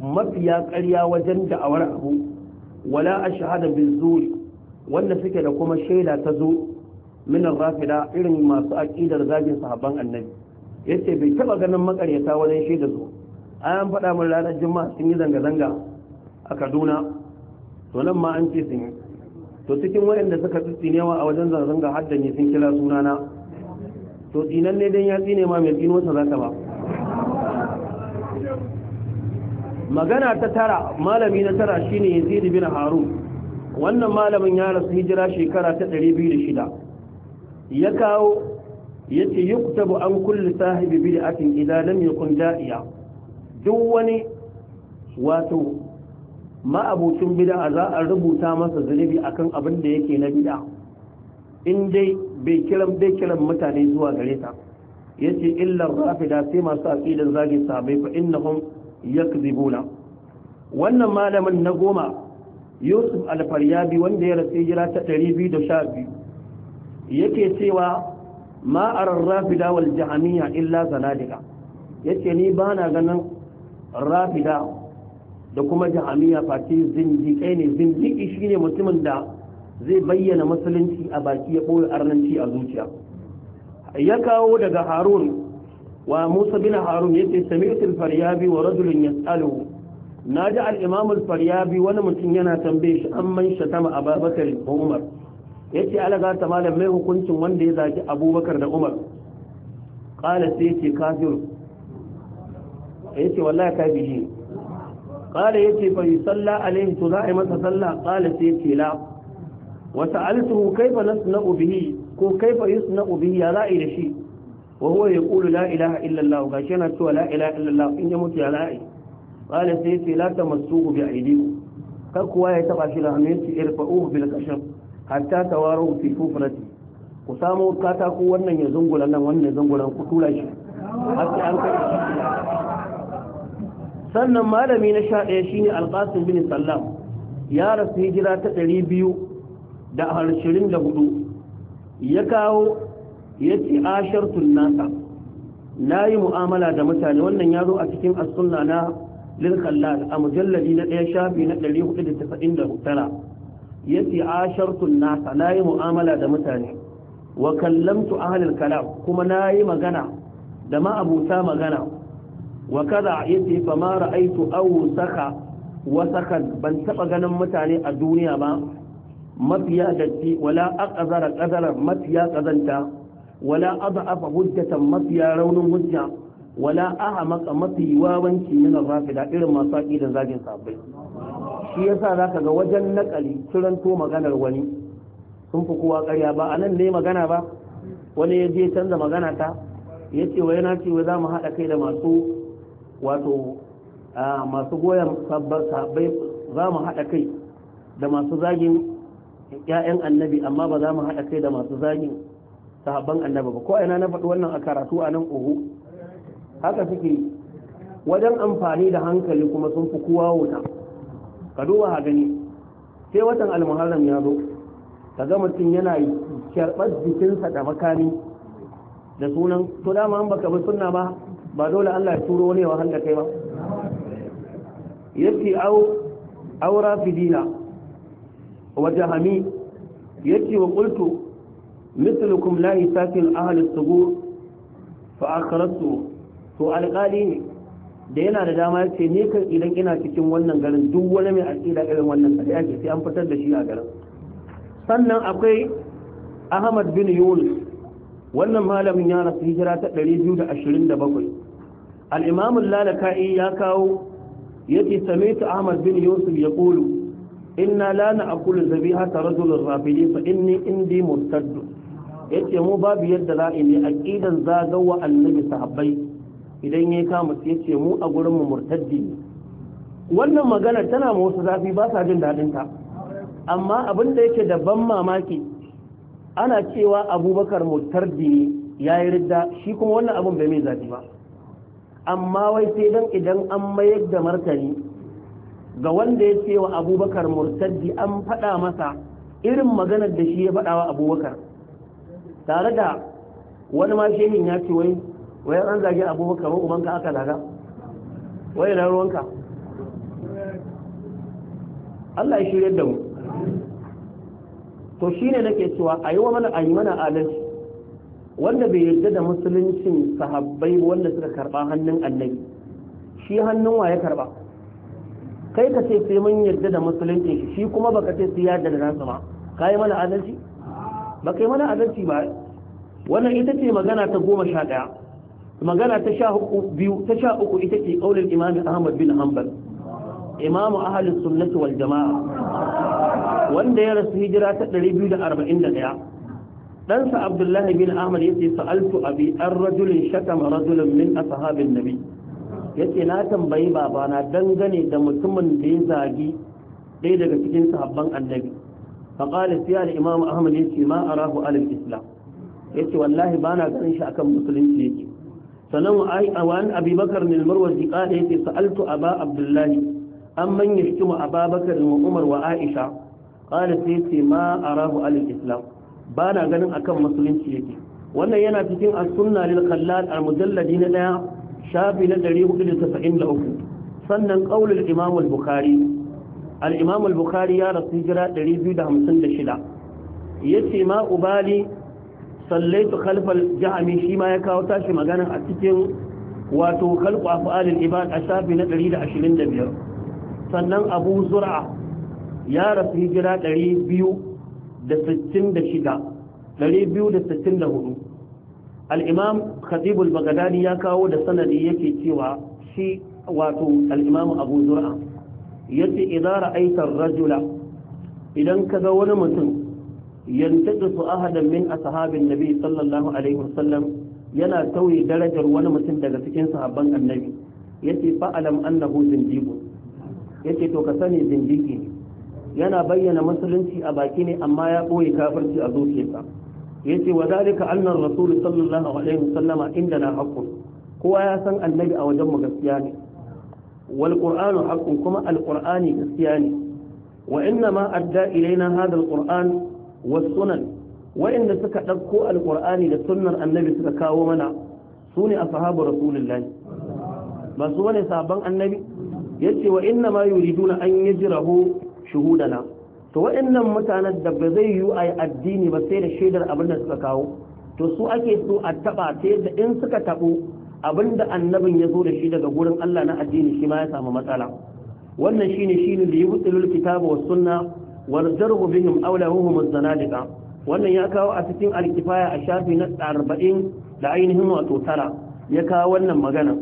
mafiya ƙarya wajen da'awar abu wala shahada bin zuri wanda suke da kuma shaida ta zo minan rafida irin masu aƙidar zagin sahabban annabi yace bai taba ganin makaryata wajen shaida zo an faɗa min ranar juma'a sun yi zanga-zanga a kaduna to nan ma an ce sun yi to cikin waɗanda suka tsinewa a wajen zanga-zanga har da ni sun kira sunana to dinan ne dan ya tsine ma mai tsino za zaka ba magana ta tara malami na tara shine yazid bin harun wannan malamin ya rasu hijira shekara ta 206 ya kawo yace yuktabu an kulli sahibi bid'atin idan lam yakun da'iya duk wani wato ma'abucin bid'a za a rubuta masa zunubi akan abin da yake na bid'a in dai bai kiran bai kiran mutane zuwa gare ta yace illa rafida sai masu aqidan zagi sabai fa innahum yakzibuna wannan malamin na goma Yusuf al-Faryabi wanda ya rasu jira ta 212 yake cewa ma arar rafida wal jahamiyya illa zanadika yace ni bana ganin rafida da kuma jahamiya fati zindiƙai ne zindiƙi shine mutumin da zai bayyana musulunci a baki ya ɓoye arnanci a zuciya ya kawo daga harun wa musa bin harun ya ce sami'atul faryabi wa rajulun yas'aluhu na ji al'imamul faryabi wani mutum yana tambaye shi an man shatama ababakar da umar ya ce alaga ta malam mai hukuncin wanda ya zaki abubakar da umar kala sai ce kafiru yace wallahi ka bihi qala yace fa yusalla alaihi to za a yi masa sallah qala sai ya ce la wa sa'altuhu kayfa nasna'u bihi ko kayfa yusna'u bihi ya za a yi da shi wa huwa Kulu la ilaha illallah allah gashi yana cewa la ilaha illa in ya mutu ya ra'i qala sai ya yace la tamassuhu a aydikum kar kuwa ya taba shi da hannunsu irfa'uhu bil kashaf hatta tawaru fi fufrati ku samu katako wannan ya zungula nan wannan ya zungulan ku tura shi har sai an kai sannan malami na sha ɗaya shine alƙasin bin sallam ya rasu hijira ta ɗari biyu da harshirin da hudu ya kawo ya ce ashartun nasa na yi mu'amala da mutane wannan ya zo a cikin asunna na lilkallal a mujallari na ɗaya shafi na ɗari hudu da tasa'in da tara ya ce ashartun nasa na yi mu'amala da mutane wa kallamtu ahalil kalam kuma na yi magana da ma ma'abuta magana wa kada yace fa ma ra'aytu aw saka wa saka ban taba ganin mutane a duniya ba mafiya datti wala aqzara qadara mafiya qazanta wala adhafa hujjata mafiya raunin hujja wala ahamaka mafi wawanci min rafida irin masu aqidan zagin sabai shi yasa zaka ga wajen nakali kiranto maganar wani sun fi kowa ƙarya ba nan ne magana ba wani ya je canza magana ta ya ce wa yana wa za mu haɗa kai da masu wato masu goyon sabbai za mu haɗa kai da masu zagin ‘ya'yan annabi amma ba za mu haɗa kai da masu zagin sahabban annabi ba ko ina na faɗi wannan a karatu a nan uhu haka suke wajen amfani da hankali kuma sun fi kowa wuta ka duba ha gani sai watan almuharram ya zo ka ga mutum yana kyarɓar jikinsa da makami da sunan to dama an baka bi sunna ba ba dole Allah ya turo wani wahala kai ba yace au aura fidina wa jahami yace wa qultu mithlukum la yasakil ahli as-subur fa akhratu to alqali ne da yana da dama yace ne kan idan ina cikin wannan garin duk wani mai aqida wannan sai ake sai an fitar da shi a garin sannan akwai Ahmad bin Yunus wannan malamin ya rasu hijira ta 227 الإمام اللالكائي يكاو يتي سميت أحمد بن يوسف يقول إنا لا نأكل زبيحة رجل الرافدي فإني إندي مستد يتي مباب يد لا إني أكيدا زاغوا النبي صحابي idan ya kama sai ce mu a mu murtaddi wannan magana tana ma wasu zafi ba sa jin ta amma abin da yake da ban mamaki ana cewa abubakar murtaddi ne ya ridda shi kuma wannan abun bai mai zafi ba amma wai sai dan idan an mayar da martani ga wanda ya ce wa abubakar murtaddi an faɗa masa irin maganar da shi ya faɗa wa abubakar tare da wani ma shehin ya ce wai wai an zage abubakar wa ubanka aka daga, wai na ruwanka Allah ya shirya da mu to shine nake cewa a yi mana adalci wanda bai yarda da musuluncin sahabbai wanda suka karba hannun annabi shi hannun wa ya karba kai ka ce sai mun yarda da musuluncin shi shi kuma baka ce sai yarda da nasu ma kai mana adalci ba kai mana adalci ba wannan ita ce magana ta goma sha ɗaya magana ta sha biyu ta sha uku ita ce ƙaunar imam ahmad bin hanbal imamu ahalin sunnati wal jama'a wanda ya rasu hijira ta 241 ɗansa abdullahi bin ahmad ya ce sa'altu abi an rajulin shakama rajulin min a ashabin nabi ya ce na tambayi babana dangane da mutumin da ya zagi ɗaya daga cikin sahabban annabi faƙali siya da imam ahmad ya ce ma a rahu alif islam ya ce wallahi ba na ganin shi akan musulunci yake sannan wa an abubakar ne marwazi ƙada ya ce sa'altu a ba abdullahi an manya man yashtumu ababakar wa umar wa aisha ƙali sai ce ma a rahu alif islam ba na ganin akan musulunci yake wannan yana cikin as-sunna lil khallal al-mujalladi na daya shafi na 493 sannan qaulul imam al-bukhari al-imam al-bukhari ya rasu hijira 256 yace ma ubali sallaitu khalfal jahmi shi ma ya kawo tashi magana a cikin wato khalqu af'alil ibad a shafi na 125 sannan abu zur'a ya rasu hijira 200 da sittin da shida ɗari biyu da sittin da hudu al'imam khatibul bagadadi ya kawo da sanadi yake cewa shi wato al'imam abu zura ya ce idara aitar rajula idan ka ga wani mutum yantaɗi su ahadan min a sahabin nabi sallallahu alaihi wasallam yana tauye darajar wani mutum daga cikin sahabban annabi ya ce fa'alam annahu zindigu ya ce to ka sani zindigi yana bayyana musulunci a baki ne amma ya ɓoye kafirci a zuciyarsa ya ce wa zalika annan rasul sallallahu alaihi wasallama inda na haƙƙun kowa ya san annabi a wajenmu gaskiya ne wal qur'anu haqqun kuma al qur'ani gaskiya ne wa inna ma adda ilaina hadha al qur'an was sunan wa inda suka dauko al qur'ani da sunnar annabi suka kawo mana su ne sune ashabu rasulullahi ba su bane sabon annabi Ya ce wa inna ma yuriduna an yi yajrahu shuhudana to waɗannan mutanen da ba zai yi a addini ba sai da shaidar abin da suka kawo to su ake so a taɓa ta yadda in suka taɓo abin da annabin ya zo da shi daga gurin Allah na addini shi ma ya samu matsala wannan shine ne da yubtilul kitaba was sunna warjarhu bihim Aula, az-zanadiqa wannan ya kawo a cikin alkifaya a shafi na arba'in da ainihin wato tara ya kawo wannan magana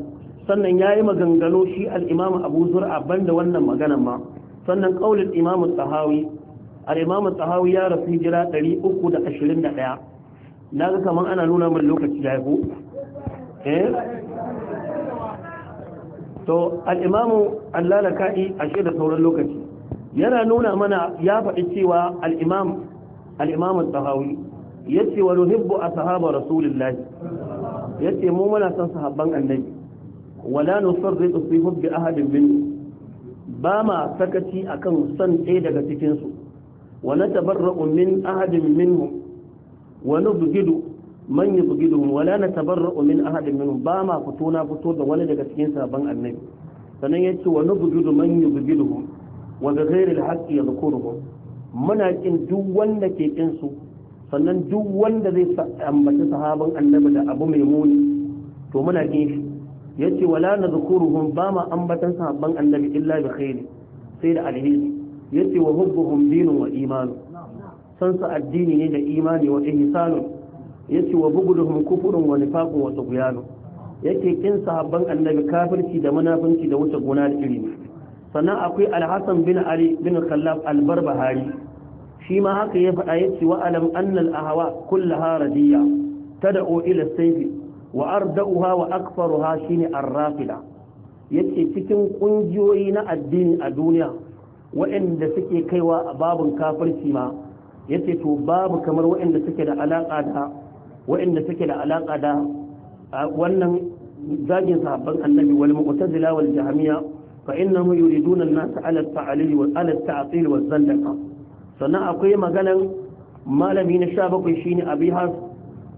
sannan ya yi maganganu shi al'imamu abu zur'a banda wannan maganan ma sannan ƙaunar imamu tsahawi al'imamu tsahawi ya rasu jira 321 na ga kamar ana nuna min lokaci da yaku eh to al'imamu allalaka'i a shi da sauran lokaci yana nuna mana ya faɗi cewa al'imam al'imamu tsahawi ya ce wa nuhibbu a sahaba rasulullahi ya ce mu mana son sahabban annabi wala nusarritu fi hubbi ahadin bin ba ma sakaci akan son ɗaya daga cikinsu wa na tabarra'u min ahadin minhu wa nubghidu man yubghiduhum wa la natabarra'u min ahadin minhu ba ma fito na fito da wani daga cikin sabon annabi sanan yace wa nubghidu man yubghiduhum wa bi ghairi al-haqqi yadhkuruhum muna kin duk wanda ke kin su sannan duk wanda zai ambaci sahaban annabi da abu mai muni to muna kin shi yace wala nadhkuruhum ba ma ambatan sahabban annabi illa bi khairi sai da Ya ce wa hubbuhum dinun wa imanu san su addini ne da imani wa ihsanu ce wa bughduhum kufrun wa nifaqun wa tughyanu yake kin sahabban annabi kafirci da munafinci da wuce gona da ilimi sannan akwai Alhassan bin ali bin khallaf al shi ma haka ya faɗa yace wa alam annal ahwa kullaha radiya tad'u ila sayfi wa arda'uha wa akfaruha shine ar-rafida yace cikin kungiyoyi na addini a duniya waɗanda suke kaiwa a babun kafirci ma yace to babu kamar waɗanda suke da alaka da waɗanda suke da alaka da wannan zagin sahabban annabi wal mu'tazila wal jahmiya fa innahum yuriduna an-nas ala at-ta'lil wa ala at-ta'til wa zandaqa sannan akwai maganan malami na 17 shine abi has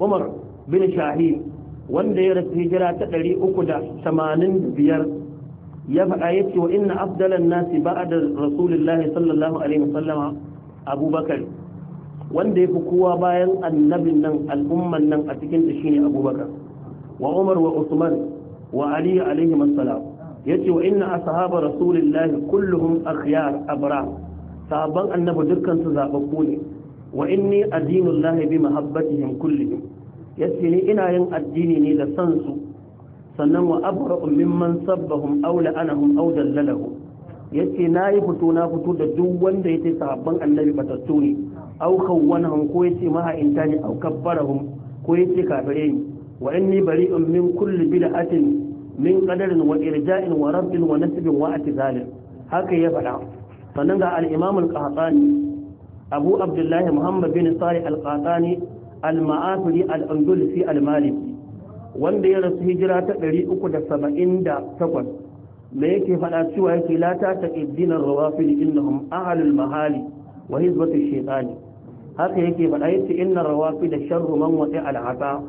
umar bin shahid wanda ya rasu hijira ta ɗari uku da tamanin biyar ya faɗa ya ce wa inna afdalan nasi ba'da rasulillahi sallallahu alaihi wasallama abubakar wanda ya fi kowa bayan annabin nan al'umman nan a cikin da shine abubakar wa umar wa usman wa ali alaihi masalam ya ce wa inna ashaba rasulillahi kulluhum akhyar abra sahabban annabi dukkan su zaɓaɓɓu ne wa inni addinullahi bi mahabbatihim kullihim ya ni ina yin addini ne da san su sannan wa abra'u mimman sabbahum aw la'anahum aw dallalahu yace nayi fito na fito da duk wanda yace sahabban annabi batattu ne aw kawwanahum ko yace maha intani aw kabbarahum ko yace kafire ne wa inni bari'un min kulli bid'atin min qadarin wa irja'in wa rabbin wa nasbin wa atizalin haka ya faɗa sannan ga al-imam al-qahtani abu abdullahi muhammad bin salih al-qahtani al-ma'asiri al-andalusi al-maliki wanda ya rasu hijira ta 378 me yake fada cewa yake la ta taqiddinar rawafil innahum ahlul mahali wa hizbatu shaytani haka yake fada yace inna rawafil sharru man wati'a al-ata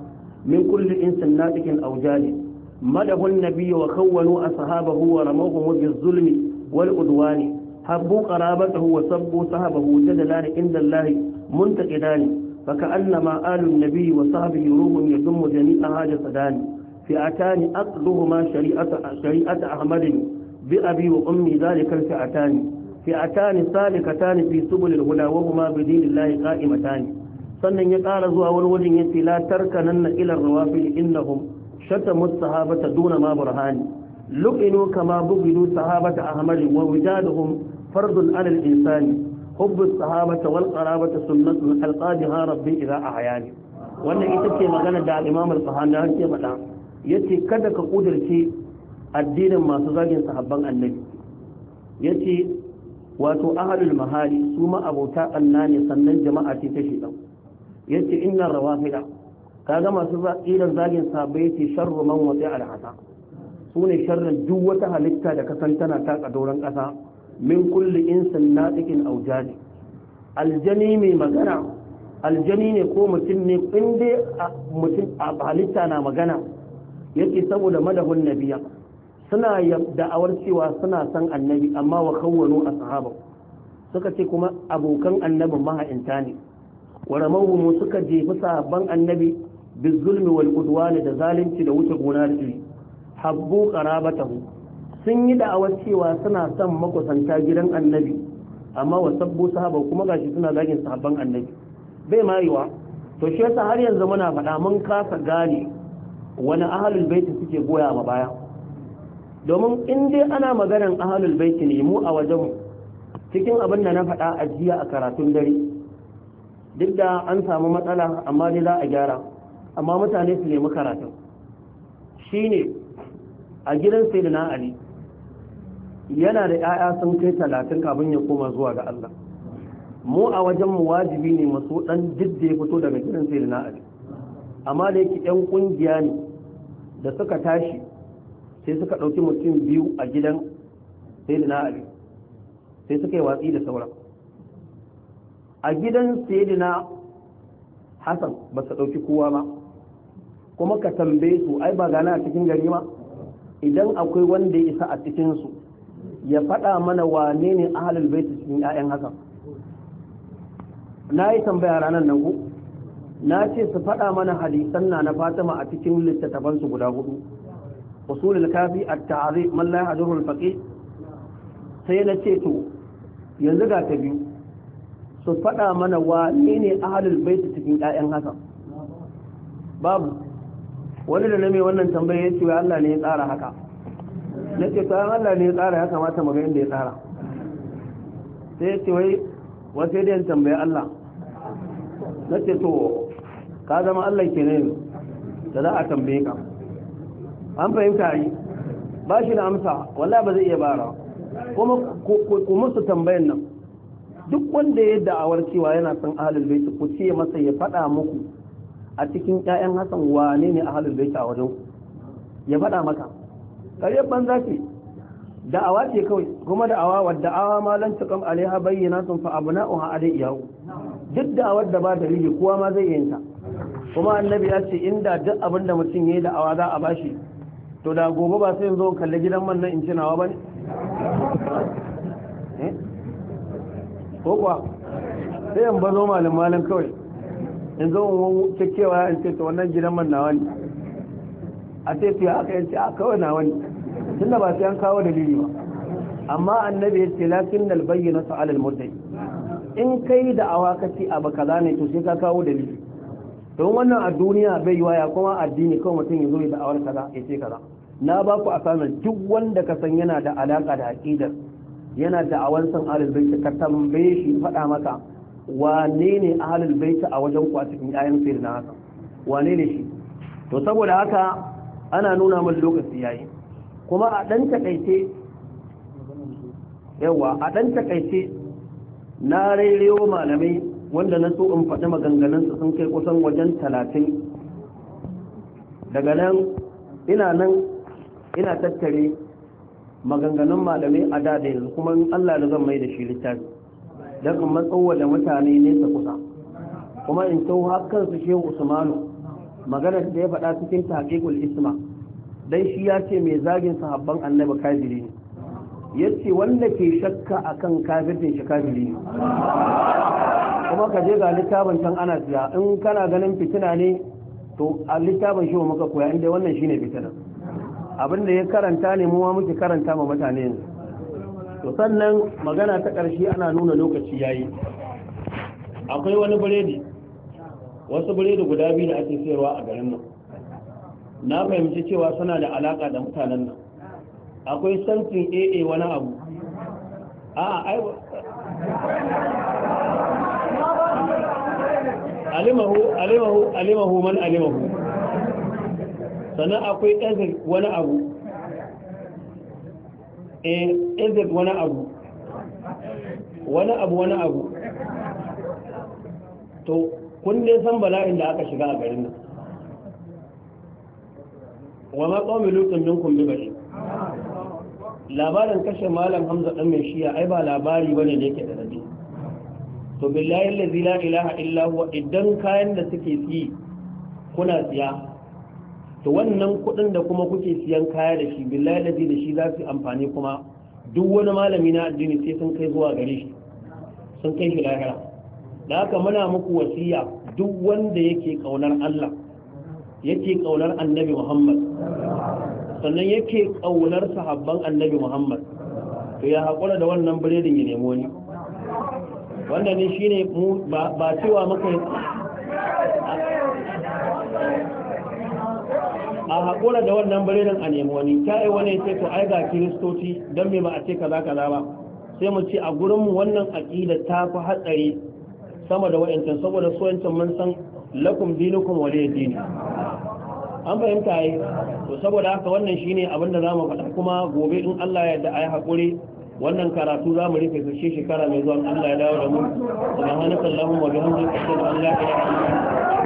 min kulli insin natiqin aw jali madahu an-nabiy wa khawwanu ashabahu wa ramawhum bil-zulmi wal-udwani Habu qarabatahu wa sabbu sahabahu jadalan inda Allah muntaqidan فكأنما آل النبي وصحبه روح يضم جميع هذا صداني فئتان أصلهما شريعة, شريعة أحمد بأبي وأمي ذلك الفئتان فئتان سالكتان في سبل الهدى وهما بدين الله قائمتان sannan ya ƙara zuwa wani wajen yace la tarkananna ila rawafil innahum shatamu sahabata duna ma burhani lu'inu kama bugidu sahabata ahmad wa wijaduhum fardun ala insani hubbu sahabata wal qarabata sunnatun alqadiha rabbi a ahyani wannan ita ce magana da al-imam al-sahani har ke faɗa kada ka kudirce addinin masu zagin sahabban annabi yace wato ahlul mahali su ma abota Allah ne sannan jama'a ce ta shedan yace innar rawafida kaga masu zakiran zagin sahabbai yace sharru man wasi al-hasa su ne sharrin duk wata halitta da kasan tana taka doron ƙasa min kulli insan natiqin aw aljani mai magana aljani ne ko mutum ne inda mutum a halitta na magana yake saboda madahun nabiya suna da'awar cewa suna san annabi amma wa kawwano sahaba. suka ce kuma abokan annabin maha'inta ne waramahu suka jefi sahabban annabi bizulmi wal udwani da zalunci da wuce gona da iri habbu qarabatahu sun yi da'awar cewa suna son makusanta gidan annabi amma wa sabbo sahaba kuma gashi suna zagin sahabban annabi bai ma yiwa to shi yasa har yanzu muna faɗa mun kasa gane wani ahalul baiti suke goya ma baya domin in dai ana maganar ahalul baiti ne mu a wajenmu cikin abin da na faɗa a jiya a karatun dare duk da an samu matsala amma dai za a gyara amma mutane su nemi karatun shine a gidan sai na ali yana da 'ya'ya sun kai talatin kafin ya koma zuwa ga Allah mu a wajen mu wajibi ne maso dan jidda ya fito daga gidan sai na ali amma da yake yan kungiya ne da suka tashi sai suka ɗauki mutum biyu a gidan sai na ali sai suka yi watsi da sauran a gidan na hassan ba su ɗauki kowa ba kuma ka tambaye su ai ba gana a cikin gari ma idan akwai wanda ya isa a cikinsu ya faɗa mana wane ne ahalul baiti cikin 'ya'yan hakan na yi tambaya ranar nan ku na ce su faɗa mana hadisan na na fatima a cikin littattafansu guda hudu usulul kafi at-ta'rif man la yahduhu al sai na ce to yanzu ga ta biyu su faɗa mana wane ne ahalul baiti cikin 'ya'yan hakan babu wani da na mai wannan tambaya ya ce Allah ne ya tsara haka na ce ta Allah ne ya tsara ya kamata mu ga inda ya tsara sai ya ce wai wasu yadda tambayi Allah na ce to ka zama Allah ke ne da za a tambaye ka an fahimta yi ba shi da amsa wala ba zai iya bara kuma ku musu tambayan nan duk wanda ya da'awar cewa yana son ahalin bai ku ce masa ya faɗa muku a cikin 'ya'yan Hassan wane ne ahalin bai a wajen ya faɗa maka ƙaryar banza ce da'awa ce kawai kuma da'awa wadda awa ma lan tukam alaiha bayyana sun fa abuna uha alai iyahu duk da da ba dalili kowa ma zai yanta kuma annabi ya ce inda duk abin da mutum da da'awa za a bashi to da gobe ba sai zo kalle gidan man nan in ci nawa bane eh? ko kuwa sai in bazo malam malam kawai in zo in kekewa in ce to wannan gidan man nawa ne a ce to ya aka yanci a kawai nawa ne tunda ba sai an kawo dalili ba amma annabi ya ce lakin dal bayyana su alal in kai da awa kace abu kaza ne to sai ka kawo dalili don wannan a duniya bai yi waya kuma addini kawai mutum ya zo da awar kaza ya ce kaza na ba ku asamin duk wanda ka san yana da alaka da aqidar yana da awan san alal baiti ka tambaye shi faɗa maka wane ne alal baiti a wajen ku a cikin ayan sayar na haka wane ne shi to saboda haka ana nuna min lokaci yayi kuma a ɗan takaice yawa a ɗan takaice na rairewa malamai wanda na so in faɗi maganganunsu sun kai kusan wajen talatin daga nan ina nan ina tattare maganganun malamai a da yanzu kuma allah da zan mai da shi littafi don in matsowa da mutane nesa kusa kuma in tau har kansu shehu usmanu maganar da ya faɗa cikin taƙiƙul isma dan shi ya ce mai zagin sahabban annabi kafiri ne ya ce wanda ke shakka a akan kafirin shi kafiri ne kuma ka je ga littafin can ana siya in kana ganin fitina ne to a littafin shi wa muka koya inda wannan shine fitina abin ya karanta ne mu ma muke karanta ma mutane yanzu to sannan magana ta ƙarshe ana nuna lokaci yayi akwai wani biredi wasu biredi guda biyu da ake sayarwa a garin nan na fahimci cewa suna da alaka da mutanen nan akwai santin aa wani abu a alimahu alimahu alimahu man alimahu sannan akwai ezir wani abu eh wani abu wani abu wani abu to kun dai san bala'in da aka shiga a garin nan wa ma qawmi lutun kun bi bari labarin kashe malam hamza dan mai shiya ai ba labari bane da yake da rabi to billahi allazi la ilaha illa huwa idan kayan da suke siyi kuna siya to wannan kuɗin da kuma kuke siyan kaya da shi billahi allazi da shi za su amfani kuma duk wani malami na addini sai sun kai zuwa gare shi sun kai shi lahira da haka muna muku wasiya duk wanda yake kaunar Allah yake kaular annabi muhammad sannan yake kaular sahabban annabi muhammad to ya haƙura da wannan biredin ya nemo ni wanda ne shi ne ba cewa maka a haƙura da wannan biredin a nemo ni ta yi wani ce to ai ga kiristoci don me ba a ce kaza kaza ba sai mu ce a gurinmu wannan aƙida ta fi hatsari sama da wa'yancan saboda suwancan mun san lakum dinukum waliya dini an fahimta yi to saboda haka wannan shine abin da zamu faɗa kuma gobe in Allah ya da ayi hakuri wannan karatu zamu rufe su shekara mai zuwa Allah ya dawo da mu subhanakallahumma wa bihamdika ashhadu an la ilaha illa anta